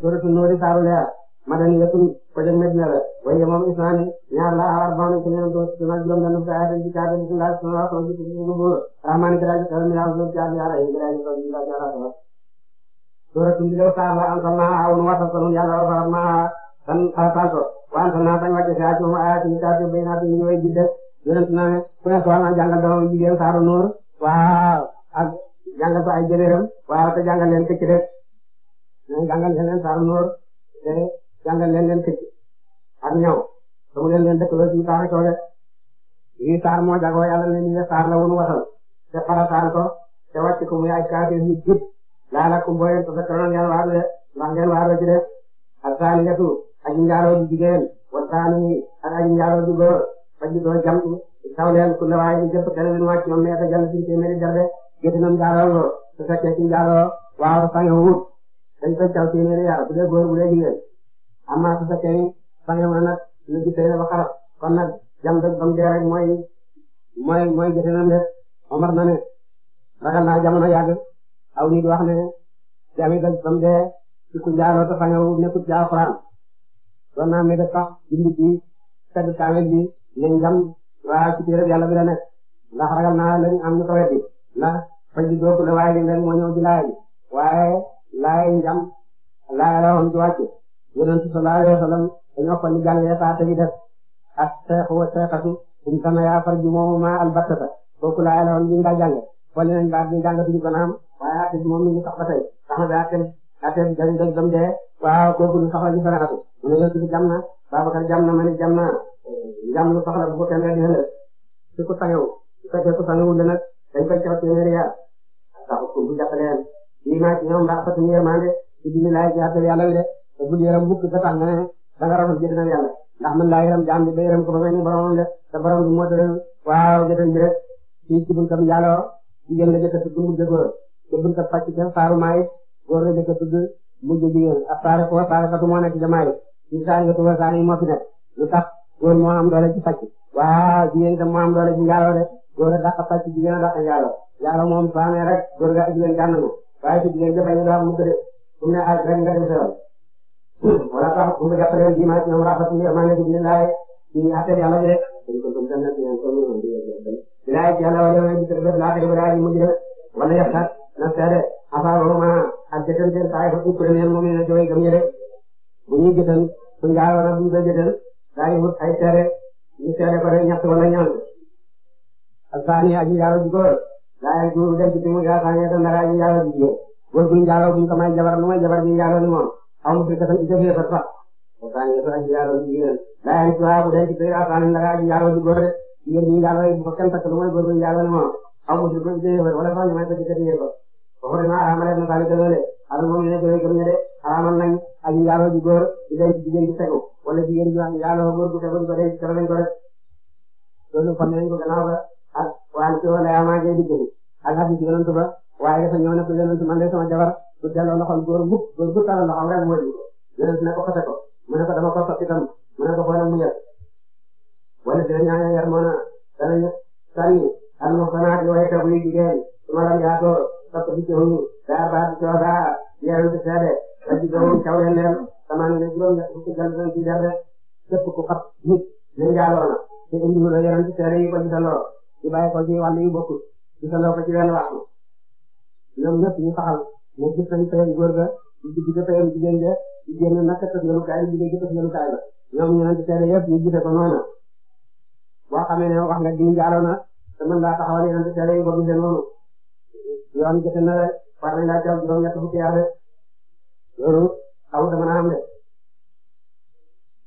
suratu nuuri saaru leer madaniyatun ko jëm Medina la waaye moom islaani ñaar la aar baanu ko ñeneen doon suna juróom benn fukki aaya ci kaata bismillah sama wax ci suñu buur rahmaani kiraaji kalam yaa zo jaar yaara yi kiraaji kalam yaa jaar sama suratu ndilaw saar la am sama awun wata sunu yàlla jigéen saaru nuur waaw ak jàngal ko ay jëleeram waaw te jàngal leen ko dinañ jàngal leen saaru noor te jàngal leen leen këcc ak ñaw te mu leen leen dëkkaloo ci saar cooge yi saar moo jagoo yàlla ne ni saar la woon wasal te farataan ko te wàcc ko muy ay kaafir yi jub laala ku booyeen te dëkkaloo ngeen waaru de ndax ngeen waaru ci def ak saani yetu aji njaaloo di jigéen wa saani ak aji njaaloo di góor fa jidoo jam taw leen ku lawaay di jëpp keneen wàcc ñoom meeta jàll ci téeméeri jarde jëpp na njaaloo te fekkee ci njaaloo waaw sange wut dañ koy caw téeméeri yar bu dee góor bu dee jigéen amma su fekkee sange ma nag lu ji tey na ba xarab kon mooy mooy mooy jëfe na na ne ragal naa jamono yàgg aw nit wax ne jami doj ba mu dee ci ku njaaloo te sangewu nekkut ci alxuraan doon naa mi def sax jullit bi tedd kaamel bi nañ jam waa ci téereb yàlla bi la nekk ndax ragal naa lañ am ñu ko weddi ndax faj di dooku ne waaye leen moo laaye njam laaye la woon di wàcce yonent sallallahu alayhi wasallam dañoo ko ñu jàngee saa te bi def ak seexu wa seexatu um sama yaa far ji moomu maa albattata kooku laaye la woon bi nga jànge foole nañ baat ñu jàng suñu ko naam waaye àtte bi moom mi ngi sax ba tey xam nga àtte àtte bi dañ dañ dem dee waaw kooku ñu sax la ñu fanaatu mu ne yonent bi jam na Babacar jam na ma ne jam naa jam lu soxla bu ko kenn di xëlëg su ko sangewu su fekkee ku sangewul nag dañ koy caw téeméeri yar sax ko bu jàppaleen ñu ngi ci ñoom rafetu yërmande ci biir laay ci àtte yàlla bi de te bul yërëm mukk ba tax nga ne da nga rafet jënd yàlla ndax man laa yërëm jaam bi ba yërëm ko ba mel ni boromam de te borom bi moo tëral waaw jigéen la moo nekk jamaay moo fi nekk lu tax góor moo am doole ci pàcc moo a a waaye ci jigéen ñi bañ nga am mukk ne aaj rek nga dem wala tax bu mu jàppalee ji ma ci ñoom rafet bi amaana ci biir laay ci àtte yàlla bi rek dañ ko gëm dem na ci ñoom comme ñoom di laay ci yàlla wala na seede afaro ma ak jëtan seen saa yi fa kuréel yéen ne jooy gëm ñi rek bu ñuy jëtan suñ jaaroon ak buñ koy jëtan daal di wut ay seede ñu seede ko rek ñett wala ñaan ak saa ni aji yaaro laajal jiw dem ci mu yaakaar ne dara ñu njaaloo di jigéen góor guy njaaloo buñ ko may jabar lu may jabar bi njaaloo ni moom aw mu firka tan itam yëfar sax yaakaar ne dara ñu njaaloo di jigéen laajal ci waaye bu dem ci yaakaar ne dara ñu njaaloo di góor de jigéen bi njaaloo bu ko kenn takk lu may góor guy njaaloo ni moom aw mu firka itam yëfar wala sax ñu may ko jëkkati yëfar foofu dina araamal na saali gëloole alal moom ne gëloy gëm ne de araamal nañ ak njaaloo di góor di dem ci jigéen di tegu wala jigéen di njaaloo góor gu tegu di ko denc ko lañ ko rek loolu fan lañ ko gannaaw ak waan ci wala yaa maa ngay liggéey ak xadis yonent ba waaye dafa ñëw ne ko yonent man de sama jabar du delloo loxol góor bu góor loxol rek wóor ko yonent ne ko xate ko mu ne ko dama ko soppi tam mu ne ko xoolal mu yar wala dina ñaanal al muhsanaat way tabu yi jigéen su ma lam yaatoo topp ci coono daa baatu coo daa yeeru ci seede ba ci doon caw leen leen samaan ne juróom ñett fukki ku xat nit di bàyyi ko ci wàll yu bokkul di salloo ko ci benn waxtu ñoom ñëpp ñu saxal ne gis nañ payam góor ga di gis payam jigéen ja di génn naka tëb yoonu kaay di gis tëb yoonu kaay la ñoom ñu ne ci seede yëpp ñu gisee ko noonu boo xamee ne wax nga di jaaroo na te mën laa taxawal yeneen ci seede yi ko gisee noonu yoon jëfe na rek war nañ laa jaww juróom-ñett fukki yaa de loolu xaw dama naa am de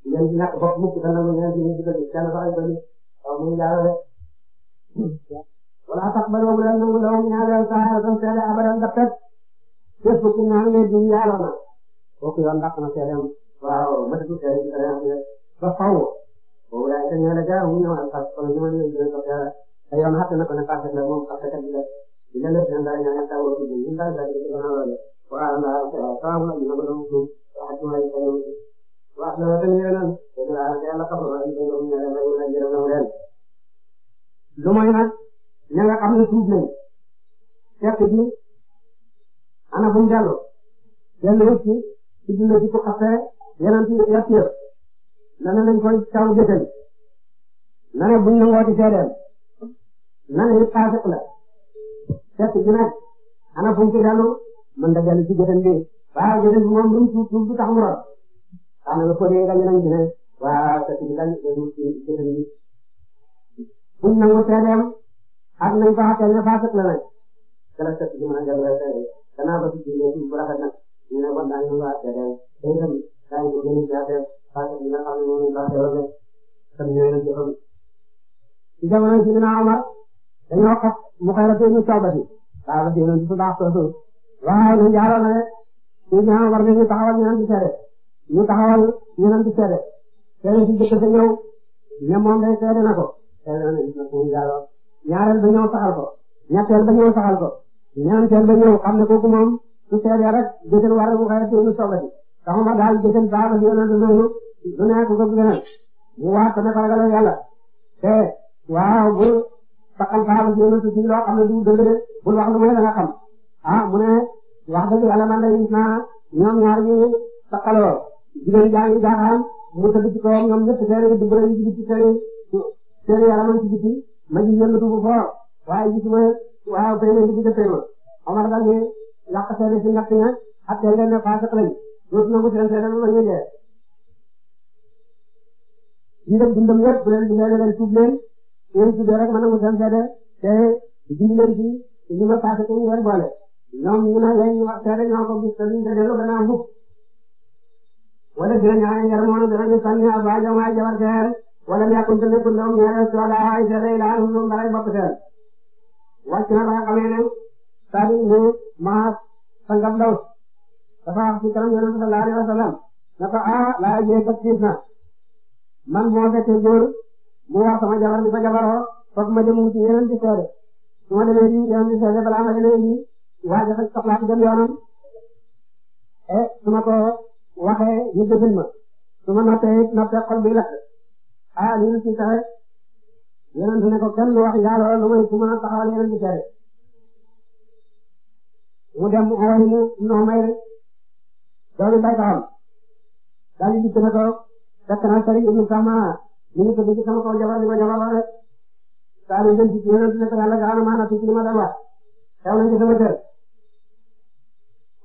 ngeen ci ñàkk bopp mukk dana ngeen ci ñu digal ci kenn sax ay bëri waaw muy jaaroo de wala taqbalu bulan bu law min hada sahatan seede abadan dappet képp ku ñaan ne di yàlla na kooku yoon dàq na seedeem waaw matatu seede ci dara ba faw wala ta ñala ja hu ñoo alfa ko ñu man ñu ko ya ay yoon hatta na ko na faate la moom faate ka dina dina le tan dara ñaan ta wala ci ñu dal dal ci na wala wa ana taamu na ñu ko ko hatta ma ay wa na ta ñeena ko la ya la ko ma ñu ko ñeena na ñu na leen lu moy nag nga xam ne tuub nañ fekk ji ana fuñ dellu dellu yëpp ci ci dund ci ku xasee yeneen ci yàq yëpp na ne lañ koy caw na ne buñ nangoo ci seedeem na ne it paasik la fekk ji nag ana fuñ ci dellu mën da dellu ci jëtal bi waaw jëtal bi moom lu mu tuub tuub du tax mu rot xam nga ko dee dañu nañ ci ne buñ nangu seedeem ak nañ ko xàtteel ne faasiq la nag kala sëkk ci mën a jël gannaaw ba ci diine bi bu rafet nag ñu ne bon daañu nangu seedeem te itam daañu ko gën a seede faasiq bi nga xam ne moom lañ ko xeewal rek tam ñooy la jëfam ci jamono ci dina Omar dañoo xas mu xëy la ñu tawbati waaw parce que yéen a ngi fi baax soosu waaw ñu jaaroon na ñu ñaan war nañu taxawal ñu naan di seede ñu taxawal ñu naan di seede seede si jëkk sa ñëw ne moom day seede na ko ñaareel ba ñëw saxal ko ñetteel ba ñëw saxal ko ñeenteel ba ñëw xam ne kooku moom su seede rek jëtën war a bu xëy teewlu soogati taxuma daal jëtën saaba si yonent loolu lu nekk ko gënal mu waat ne faragalo yàlla te waaw bu taxal saaba si yonent si loo ne du dëgg bul wax lu may ah, ne wax dëgg yàlla man de gis naa ñoom ñaar ñu taxaloo jigéen jaa ngi jaaxaan mu tëdd ci kawam ñoom ñëpp seere yi dugg nañu ci seere seen yaramam ci biti ma gis yëngatu bu fort waaye gisuma waaw kay léegi ci defee ma Omar daal di yàq seen si ñett ña ak tey nga ne faasa xale yi dootu nangu seen seen ma ñu dee ndëm dundam yëpp bu leen di seede leen tuub leen yéen tuubee rek ma nangu seen seede te dindi leen ci li ma faasa ko ngeen boole ñoom ñu ne yéen ñu wax seede ñoo ko gis te duñ ko delloo gannaaw mukk wala dina ñaare ngeen moom dana ñu sànni abaa jamaay jabar wala yakun te nekkul ñoom ñaareel suwadaa ay seede yi daal ñu mbaray bopp seen wàcc na ba nga xamee ne Sadio Ndiou Maas sangam ndaw dafa wax ci kanam yonent sallallahu alayhi wa sallam ne ko ah laaj yooyu bët gis na man moo fekkee góor mu wax sama jabar bi ko jabaroo foog ma dem wuti yeneen di seede su ma demee nii yeneen di seede balaa ma demee nii waa jafe soxlaa ci dem yoonam e su ma ko waxee ñu déglu ma su ma noppee it noppee xol bi lakk. alim ci kawe yonent ne ko kenn du wax yàlla lu may ku mën a taxawal yonent ci kawe mu dem mu ooy mu noo may rek doomi baykaxam daal di dikk ne ko fekk na sëriñ ibnu sama mi ngi tëdd ci sama kaw jabar di ko jabar rek saa yu jëm ci yonent ne ko yàlla gaana maa na ci li ma doon wax xew nañ ci sama kër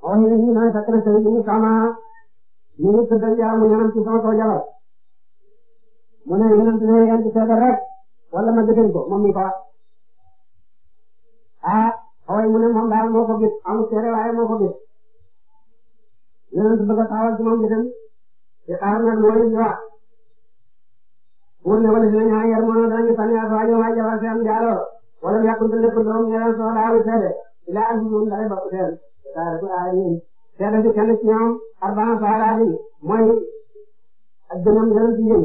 ooy ne ñu ne fekk na sëriñ ibnu sama mi ngi tëdd yàlla mu ñanam ci sama kaw jabar mu ne yonent ne ngeen ci feebar rek wala ma gëtën ko moom mi ko wax ah xaway mu ne moom daal moo ko gis amul seere waaye moo ko gis yonent bëgg a taxawal ci moom gëtën te xaar nag mooy wax pour ne wala si nañu xaar yar moom danañu sànni ak waajo waajo wa seen jaaloo wala yàqunte lépp doom ñeneen soo daawu seede ilaa am ñoom dara ba seen saare ko aay ñun seede si kenn ci ñoom arbaan saaraatin mooy ak gënam yonent yéen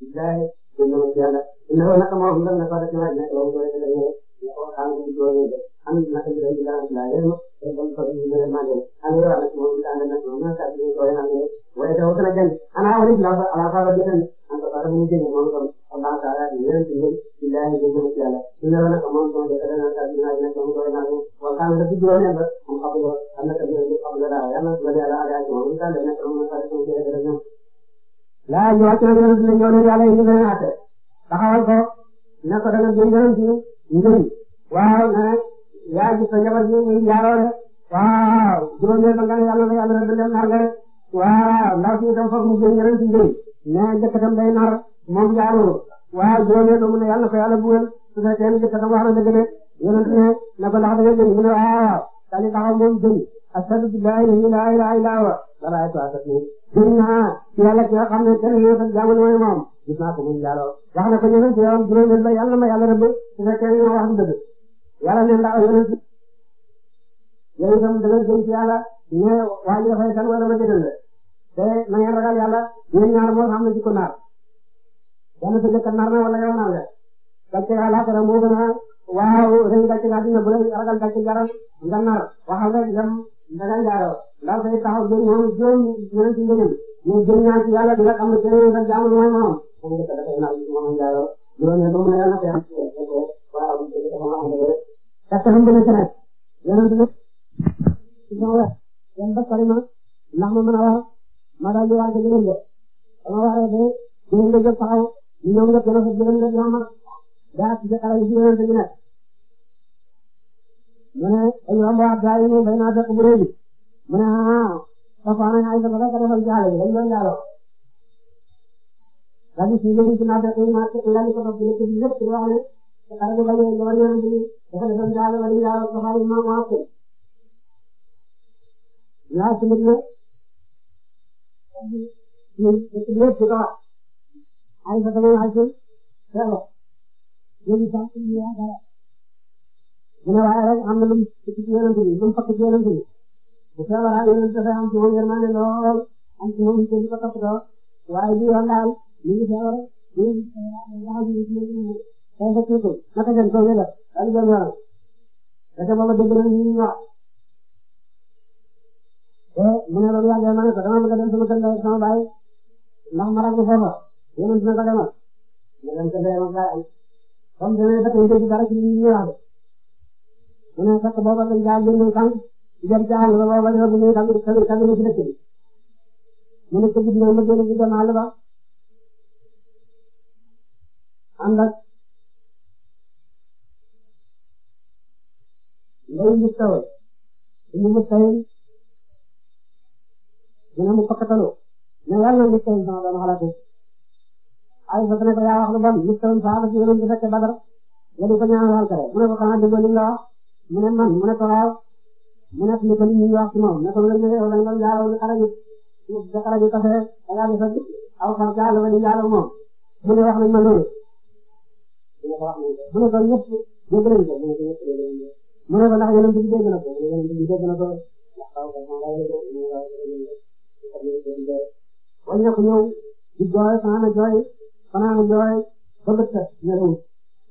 billahi dina ma ci yàlla innahu naka moo fi lënd fa ci laaj nekk loolu doo yëkkati ne ne ko xam nga ci loolu de am naka bi dañu dara la yéen e dal fa ñu ne ma ngeen am yo wax ci moom daan na ko na ka ci ko na ngeen way taw na jënd ana wali la fa ala fa bi tan an ta dara mu jënd moom kon Allah taala di yéen ci ñu billahi dina ma ci yàlla innahu naka moo fi lënd fa ci laaj nekk loolu doo yëkkati ne wa xam nga ci loolu ne mu xam nga am naka bi dañu xam dara yàlla dina ala ala ci moom daan na ko mu fa ci laa ñu wàcc nag yonent ne ñoo leen yàlla indi beneen àtte taxawal ko ne ko danga jël yonent yi njëriñ waaw ne yaa gis sa njaboot yi muy jaaroo de waaw juróom-ñeent ba nga ne yàlla na yàlla na dem nar nga de waaw ndaw si itam foog mu jël yonent yi njëriñ mais jëkkatam day nar moom jaaroo waaw mu ne yàlla na ko yàlla bugal su fekkee ne jëkkatam wax na dëgg de yonent ne na ko ndax danga jël mu ne waaw waaw tali taxaw moom jëriñ ashhadu billahi la ilaha illa huwa gis naa yàlla ki nga xam ne kenn yéen a jaamu mooy moom gis naa ko muy njaaloo wax na ko ñu ne si yoon juróomi la yàlla ma yàlla rëbb su fekkee ñu wax dëgg yàlla ne ndax yonent yow itam da ngay jëm ci yàlla ne waa ji dafay tan wala ma jëgal la te na ngeen ragal yàlla yéen ñaar moo xam ne jikko naar yàlla sa jëkk naar na wala yow naar nga parce que àllaaxira moo gën a waaw rëy gàcce laa dina bu lay ragal gàcce jaral nga naar waxal rek dem Ndaka Ndiaro ndax day taxaw jëm ñoom jëm ñoom ci njëriñ ñoom jëm ñaar ci yàlla bi nga xam ne kenn ku nekk jaamul mooy moom. xam nga dafay naan moom Ndiaro loolu yëpp moom la yàlla xeex. waaw dëgg la moom am na yëpp. parce que xam nga nekk nag yeneen bi nag ci sama wet yan bés bari na ndax ma mën a wax ma daal di wax ak jërëm de sama waxee de jërëm de jóg taxaw ñoom nga gën a fa jërëm de ñoom daa ci sa xarala yi ci yeneen bi nekk. mu ne aywa mbaa gaa yi bay naa fekk bu rëy bi mu ne ah Fapal nañ ay sabal ak a defal jaale bi dañ doon jaaloo. daal di si yéen si naa fekk ñu naan fekk daal di ko topp lépp lépp loo xam ne dafa doon bañ a yéen jaay nañ fi dafa defoon jaale wala jaaloo dafa am maam waa kër. yaa si nit ña lépp lu ko wax ay sabal yu àgg si xeexoo yéen sax ñu yaakaar. mu ne waaye rek am na lu mu fekk ci yonent bi lu mu fekk ci yonent bi bu feebaraa yonent dafay am ci moom yërmande lool am ci moom itam ko toppatoo waaye bi yoon daal ñu ngi feebar ñu ngi feebar ñu ngi feebar ñu ngi feebar naka ngeen ko wér ak jëm yoonam parce que booba dégg nañ ñu ñu wax te mu ne loolu yàggee ma ne ko dama bëgg a dem sama kër ga sama baay ndax ma ràgg foofa yonent dina ko demal ma dem kër ga ma baay am comme dinañ fekk ñu dégg dara ci ñu wax mu ne fekk booba dañ daa génne sànq di dem ca àll ba booba dafa bëgg a tàggu tàggu tàggu ci dëkk bi mu ne tëgg dinañ ma génn di dem àll ba ànd ak ndeyu bu tawee suñu bu tawee mu ne mu tokkatalu mais yàlla na bu tawee sama doomu xalaatu ay fekk ne ko yaa wax lu bon lu tawee saa ba ci yéen a ngi fekk Badar nga di ko ñaanal kare mu ne ko xanaa déggoo li nga wax. mu ne man mu ne ko waaw mu nekk li ko nit ñi wax ci moom ne ko lan nga lan nga jaaroo ne xaraju ne xaraju kafe da ngaa def ak aw xar jaaroo wala jaaroo moom mu ne wax nañ ma loolu. mu ne ko ñëpp dégg nañ ko mu ne ko ñëpp dégg nañ ko mu ne ko ndax yonent bi dégg na ko yonent bi dégg na ko ndax aw xar maa ngi lay dégg maa ngi lay dégg. wala ñëpp ñëw di jooy fanaana jooy fanaana jooy ba bët set ñëwul.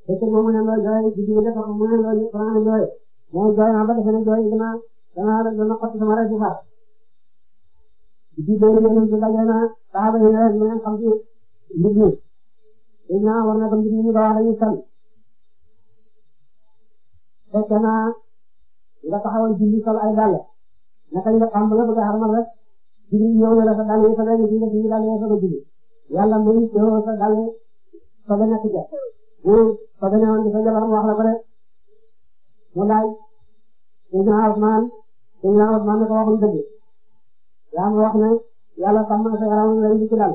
te te boobu mu ne la jooy di jiw bi nga tax mu ne la fanaana jooy. mooy jooy naa ba defe ne jooy dana dana dana xott sama rek di far di benn yeneen bi daje na saxaaba yi rek ñu xam ci mbir mi dañ naa war na dem mbir mi ba wax dañuy sal fekk naa nga taxawal julli sol ay dàll naka nga tàmbale bëgg a xarmal rek julli ñëw na dafa dàll yi sa benn julli julli dàll yi sa ba julli yàlla muy teewoo sa dàll sa ba nekk ja bu sa ba newoon di sa jabar mu wax la ko de mu laaj Seydina Usmaan Seydina Usmaan dafa waxoon dëgg yaa ma wax ne yàlla sàmm na sa yaram lay di ci lal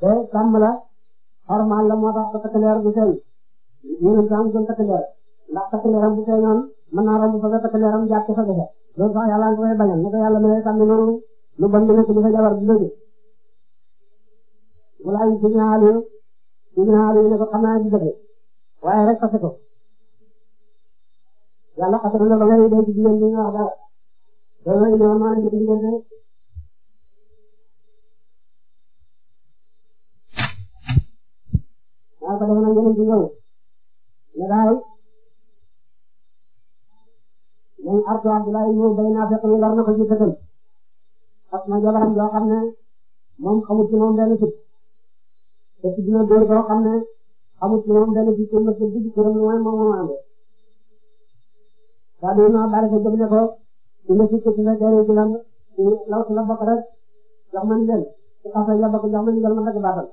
te sàmm la xormaal la moo tax takk leer bu feeñ yéen a ngi doon takk leer ndax takk leeram bu feeñoon mën naa romb fa nga takk leeram jàpp fa gese loolu sax yàlla nga koy bañal ne ko yàlla may sàmm noonu lu bon lu nekk lu fa jabar bu dëgg walaay Seydina Aliou Seydina Aliou ne ko xam naa di dëgg waaye rek fase ko yàlla xasal na la ba ngay dee ci jigéen ñi ñu wax dara loolu la ñu ñëwoon ci diggante maa ko defoon ak yeneen ci ñëw ne daal ñun Arto Abdoulaye ñëw bay naa fekk ñu lar na ko ci tëkkal parce que ma jabaram joo xam ne moom xamut ci moom benn fit te ci dina góor boo xam ne xamut ci moom benn fit te ma ci digg ci moom mooy moom moo amee. daal di nuyuwaat baal ko jëmale ko dina si ci sa jërëjëf di lan law si la bokk rek jox ma ndigal su xasee la bokk jox ma ndigal ma dagg baatal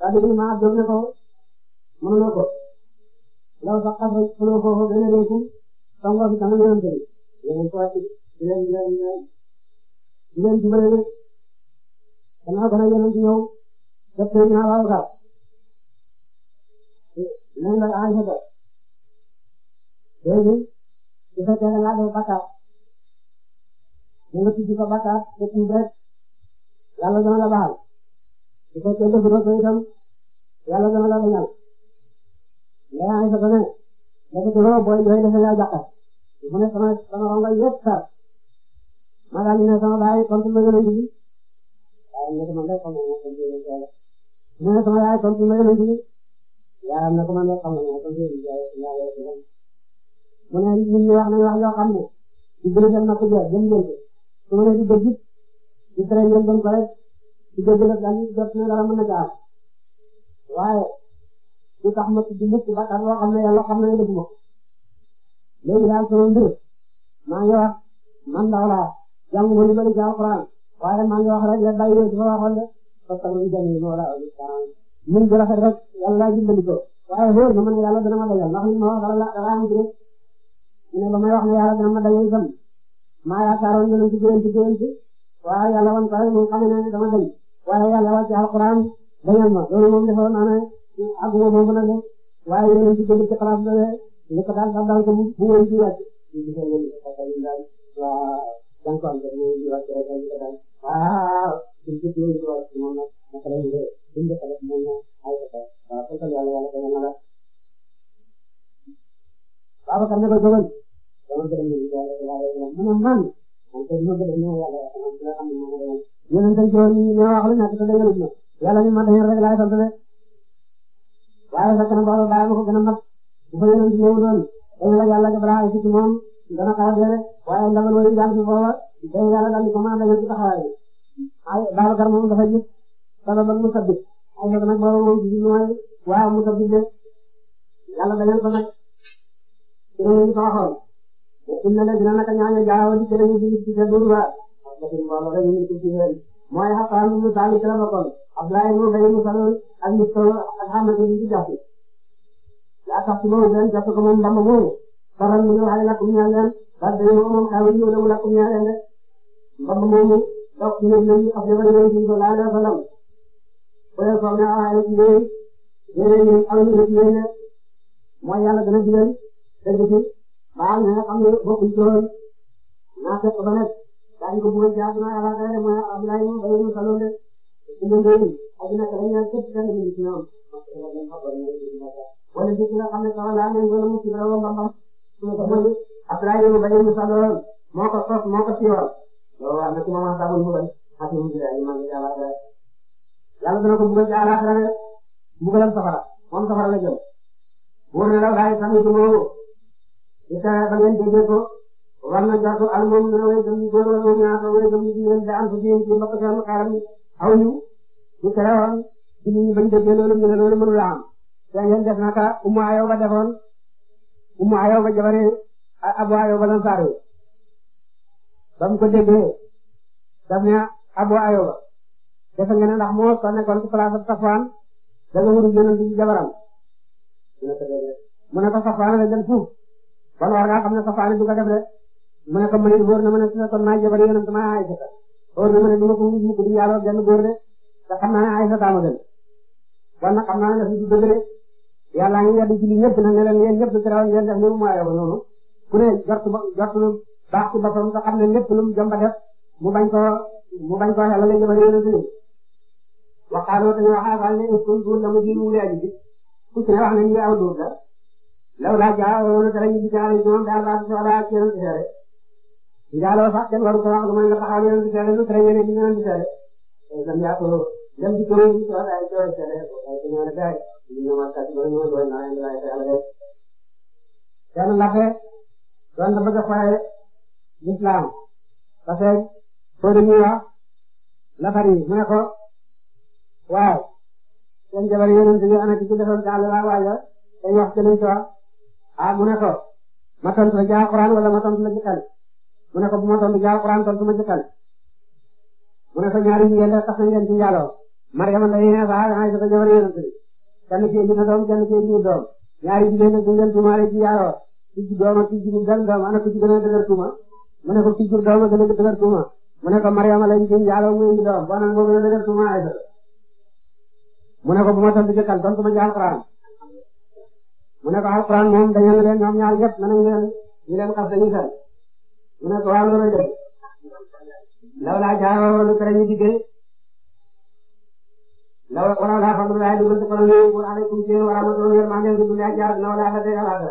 daal di nuyuwaat jëmale ko mënuloo ko law sax xasee xuloo foofu gën a réekum sangoo fi tamit yéen a tëj yéen a tëj yéen yéen yéen jubale rek danaa gën a yéen a ci yow def tey ñu xaaral ko léegi nag ay sa bopp léegi. su fekkee da ngaa def bakkaar nga tudd sa bakkaar te tuub rek yàlla dana la baal su fekkee def doo ko itam yàlla dana la bañal mais ay sa gone dafa gënoo booy jooy defe naa jàkkaar mu ne sama sama rongoñ yëpp sar ma daal di ne sama baay kon ma gën a njubi waaye mu ne ko man de xam nga kon jëlee jëlee mu ne sama yaay kon ma gën a njubi yaayam ne ko man de xam nga kon jëlee jëlee mu ne nit ñi wax nañ wax yoo xam ne ci biir seen napp jeex jëm jëm su ma nee di dëgg di tere ngeen dem ko rek di dëgg la daal di jot ne dara mën na ca am waaye su tax ma tudd mukk ba tax loo xam ne yàlla xam nañ dëgg ma léegi daal sama mbir maa ngi wax man ndaw laa jàng ma lu bëri ci alxuraan waaye maa ngi wax rek la bàyyi ci ma waxoon de parce que lu jëm moo la min bu rafet rek yàlla dimbali ko waaye wóor na ma ne yàlla dana ma doyal ndax li ma wax dara la dara am ci rek ne ba may wax ne yàlla dina ma dañuy gëm maa yaakaaroon ñu ne ci gént gént waaye yàlla wan ko rek moom xam ne dama dañ waaye yàlla wax ci alquran dañal ma loolu moom dafa naa ne ak moom boobu nag waaye yéen a ngi ci dégg ci xalaat ba li ko daal sax daal ko bu wéy ci wàcc waaw jànkuwaan bi dañoo indi wàcc rek dañu ko daal waaw suñ ko tuuti wàcc moom nag naka la ñu def suñ ko xalaat moom ay ko waaw kon yàlla yàlla dañu la Babacar ne ko jógal mu ne man man kay jóg dañu ne yàlla man ci la xam ne moom la ñu. yeneen kay juróomi ñu ne wax lu ñàkk te dëgg la yàlla ñu mat dañu rek laay sant de waaye sax kenn boobu bàyyi ma ko gën a mat bu fa yeneen ñëw doon dañu la yàlla balaa ci moom dana xaar de waaye ndawal wala jàng ci foofa dañu yàlla daal di commencé dañu ci taxawaay ay Babacar moom dafa gis sabab ak mu sabbi ay nag boobu moom ci mooy waaw mu sabbi de yàlla dañu ko nag ci la ñu sooxoon waxuñ ne la dina naka ñaañu jaayoo di jëlee ñu ci ci sa dund ba parce que suñu mbooloo rek ñu ngi ci ci xel mooy Hasan ibn Saabit ci la bokkoon Abdoulaye ibn Ubay ibn Salul ak Mistol ak Hamad ibn ci jaxu yaa tax ci boobu benn jaxu ko moom ndam moomu faral ñu waxee lakkum ñaan leen parce que yow moom xaw ñu la lakkum ñaan leen rek ndam moomu dox ci ñoom lañu ak jabar yi ñu ko laal la falam bu dee soxna waaye ci yéen yéen ñi aw ñu ci yéen mooy yàlla dana digal dëgg ci baax na nga xam ne bokkuñ ci woon naa fekk ba nag daañu ko bëggoon jaar naa yàlla xëy na mooy Abdoulaye moom bëri na saloon de su ma njëriñ ak nag dafa ñaan képp kenn mu ngi ci ñoom. wala gis nga xam ne sama laa ngeen gën a mucc dara woon ba mbam su ma ko bëgg Abdoulaye moom bëri na saloon moo ko sos moo ko siiwal loolu am na ci moment sax mu bëri ak ñu ngi daal maa ngi yàlla xëy yàlla dana ko bëggoon jaar naa xëy na mu gënal safara moom safara la jëm wóor na la waaye tamit du ma wóor li tax ba ngeen déggee ko war na jox ko al moom dina way gëm góor wala ñaata way gëm jigéen da am ci yéen ci mbokk seen xaaral mi aw ñu ñu tere woon ci ñu bañ déggee loolu ñu ne loolu mënu la am te ngeen def naka ummu ayow ba defoon ummu ayow ba jabare abu ayow ba lan saare ba mu ko déggee daf ne abu ayow ba defe nga ne ndax moo soo nekkoon ci place ab Safwaan da nga wëru yonent bi jabaram mu ne ko Safwaan la gën fuuf kon war ngaa xam ne safaani du ko def mu ne ko man it wóor na ma ne su fekkoon maay jabar yonent maa Aysata wóor na ma ne du ma ko mujj mukk di yàlla benn góor de te xam naa ne Aysata ma gën kon nag xam naa ne daf dëgg de yàlla ngi yedd ci li ñëpp nag ne leen yéen ñëpp garaw ngeen def li mu mayoo noonu ku ne jot ba jot lu baax ci boppam nga ne lépp lu mu jomba def mu mu bañ koo xelal la ne wax ne duur la lawlaa jaa'ahum la ñu digaale ci moom daal laa ko soxlaa ak yéen a gisale njaaloo sax kenn waru ko wax lu may nga taxaw yéen a gisale lu tere yéen a ngi leen gisale dem yaa ko dem di ko ñu soxla ay coono gisale ay coono la gaay ñu ñëw ak kàddu ba ñu mën doon naa indi laay te yàlla def kenn laxe doon na bëgg a xoolee l'islam parce que boo dañuy wax lafar yi mu ne ko waaw seen jabar yéen a ngi ci ñu ana ci ci defal daal laa waajal dañuy wax ci liñ ci wax ah mu ne ko ma tontu la ci alxuraan wala ma tontu la ci xel mu ne ko bu ma tontu ci alxuraan tontu ma ci xel mu ne ko ñaari jigéen la sax nañ leen ci njaaloo Maryama nday ne sa ay sa jabar yonent bi kenn ci indi na doom kenn ci indi doom ñaari jigéen nag ñu leen tuumaale ci njaaloo ci ji doom ak ci ji bu gën doom ana ku ci gën a dëgër tuuma mu ne ko ci jur doom ak gën a dëgër tuuma mu ne ko Maryama lañ ci njaaloo mu indi doom boo naan boo gën a dëgër tuuma ay sa mu ne ko bu ma tontu ci xel tontu ma ci alxuraan mu ne ko alquran moom dañu leen ñoom ñaar ñëpp nañu leen ñu leen xas dañuy fenn mu ne ko waa loolu de law laa jaaroo lu tere ñu diggee law wala laa xam ne daal di gëstu kon léegi pour aleykum ci wa rahmatullahi maa ngi leen di dundee jaar na wala la dee alaaka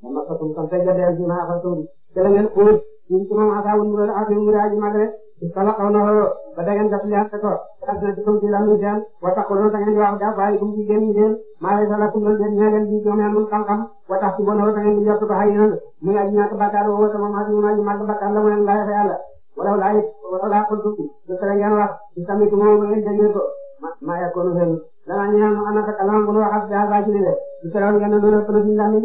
dama fatum kon sa jëndee ji maa fatum ci la ngeen xuur ñu ci moom asaabu ñu doon affaire mu daal di mag rek istalaxawnahu ba dangeen gasliyaat ko asnatikum ci lalu seen wa taquluna da ngeen di wax daa bàyyi kum ci génn ngeen maa lay dala kum loolu ngeen ñaa ngeen di joomeenul xam-xam wa tax ci bono da ngeen di yott ko xayinan muy aji ñàkk bakkaar woo te moom aji ñàkk màgg bakkaar la mu leen laaya fa wala laay wala laa xultu su tere ngeen wax ci tamit moom ba ngeen déggee ko maa yakkoonu seen dana ñaan ana takalaam bu nu waxas daa bàyyi ci li de su tere ngeen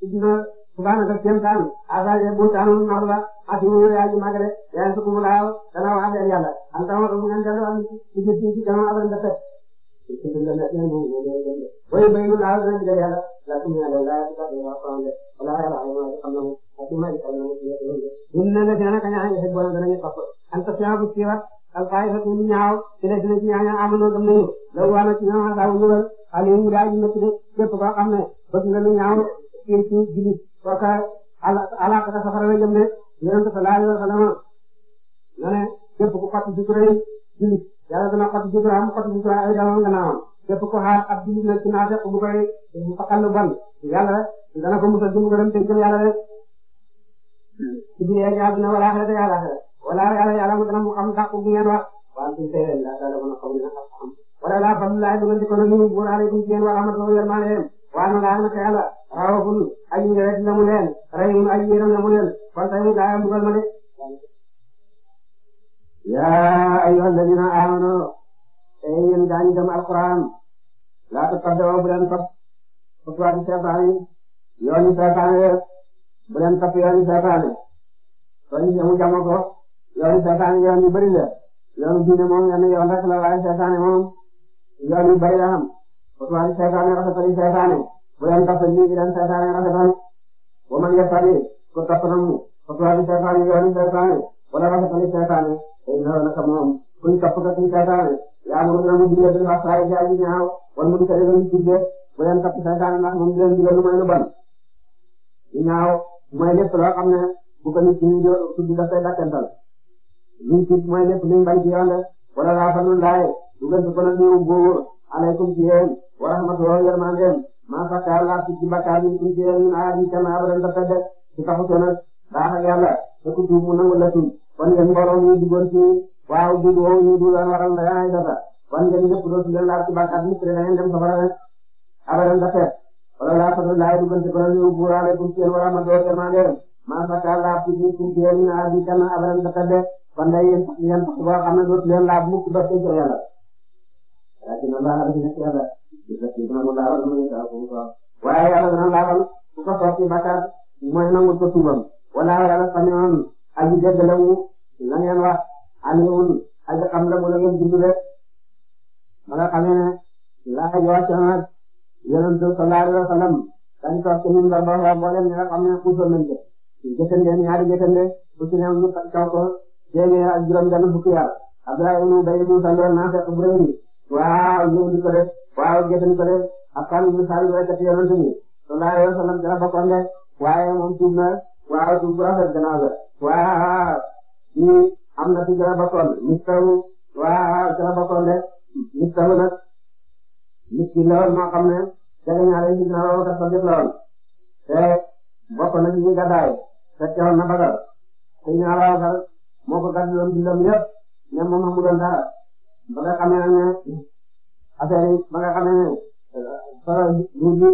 ne subhanaka seen taan asaje buntaanum nor la asimu yaaji magale yaay sukumu laaw dana wax leen yàlla an tama ko ngeen delloo am ci ci ci kanam abal nga fet ci dum la leen bu bu leen way bayinu laaw dana la sumu yàlla la ta ko wax ko ngeen wala yàlla ay ma xam mu asima ay kan mu ci leen dum na la dana kaña ngi hebbo dana ñu fakko an ta fiya bu sirat al qaida tu ñaaw ci la dina ci ñaaw amno gam nañu la wana ci ñaaw la wu ñu al mu daaji ci ci jullit kooka alaakata safara la jëm de yonent sallallahu alayhi wa sallam na ne képp ku xotti suturay jullit yàlla dana xotti suturaam xotti sutura ay doomam gannaawam képp ku xaar ab jullit nag ci naate bu koy faqal lu bon yàlla dana ko musal ci mu gërëm tënkal yàlla rek ci biir yaa dina wala xeete yàlla xeete wala yàlla yàlla mu dana mu xam dàqu bu ngeen wax waaw suñu seeréer la daal dama la xaw ma xam wala laa fadlu laa dugal ci ko ni mu buur alaykum ci yéen wa rahmatullahi wa barakatuh rawaxun aji rek la mu leen rahimun aji yërëm la mu leen kon tamit aya mbugal ma de yaa ayyuhal ladina amanu ay yéen gaañu dem alquran laa tattabi'u bu leen topp xutuwaati seetaane yooni seetaane bu leen topp yooni seetaane soo gisee mu jamo ko yooni seetaane yoon yu bari la yoonu diine moom yenn yoon rek la waaye seetaane moom yoon yu bari la am xutuwaati seetaane rafetali seetaane bu leen tax a ji di leen seetaane rafetal wa man yattaqi ko tax na mu fasuwaati seetaane yooni seetaane wala rafetali seetaane te innahu naka moom kuñ topp ka kuñ seetaane yaa mu dana mu digle bil fasaay ji aji ñaaw wala mu digle leen digle bu leen topp seetaane ndax moom di leen digle lu may lu bon li ñaaw mooy lépp loo xam ne bu ko nit ñi tudd daf koy dakkantal luñ tudd mooy lépp luñ bañ ci yoon de wala laa fa nun laay dugal ko na niw buur alaykum ci yéen wa rahmatullahi maa bàkkaar laa ci bàkkaar bi ñu ci ñu naa di sama abadan ba tedd ci taxu ca nag baax ak yàlla te ku tuub mu nangu la tuub kon ngeen mbooloo ñu duggoon ci waaw dugg woowu ñu dugg daan waral ndey ay data kon ngeen ñëpp dootu leen laal ci bàkkaar bi te da ngeen dem safara nag abadan ba tedd wala laa fas laay duggoon ci kon ñu buuraale kum ci yéen wala ma door maa ndeeram maa bàkkaar laa ci kum ci yéen ñu naa di sama abadan ba tedd kon day yéen sax ngeen sax boo xam ne dootu leen laal mukk ba tey ci yàlla di ko dina ko laabal mooy daaw ko ko waaye yàlla dana laabal ku ko soppi bakkaar mooy nangul ko tuubam wala yàlla sami'un aji dégg la wu la ngeen wax alimun aji xam la mu la ngeen bind rek ba nga xamee ne laaj wàcc na yonent sallallahu alayhi wa sallam dañ toog ci ñun ba ba mboolem ñi nga xam ne puusal nañ ko jëkkënde ñaari jëkkënde bu ko téeméer ak juróom benn fukki yàlla Abdoulaye ibn Ubay Musa lool naa fekk bu rëy waaw ko def waaye jëfandikoo de askan wi saa yu wéccati yonent bi sallallahu alayhi wa sallam dina bokkoon de waaye moom tuub na waaw tuub bu rafet gannaaw ga waaw ñi am na ci dina bokkoon mistahu waaw dina bokkoon de mistahu nag nit ki la woon moo xam ne jege ñaare si dina woo kat fa jëf la woon te bokk na ci ñi gàddaay fekk woon na bagal te ñaara wagal moo ko gàddu doon dundam yëpp ñoom moom amuloon dara ba nga xamee ne affaire yi ba nga xamee solo euh, nguur gi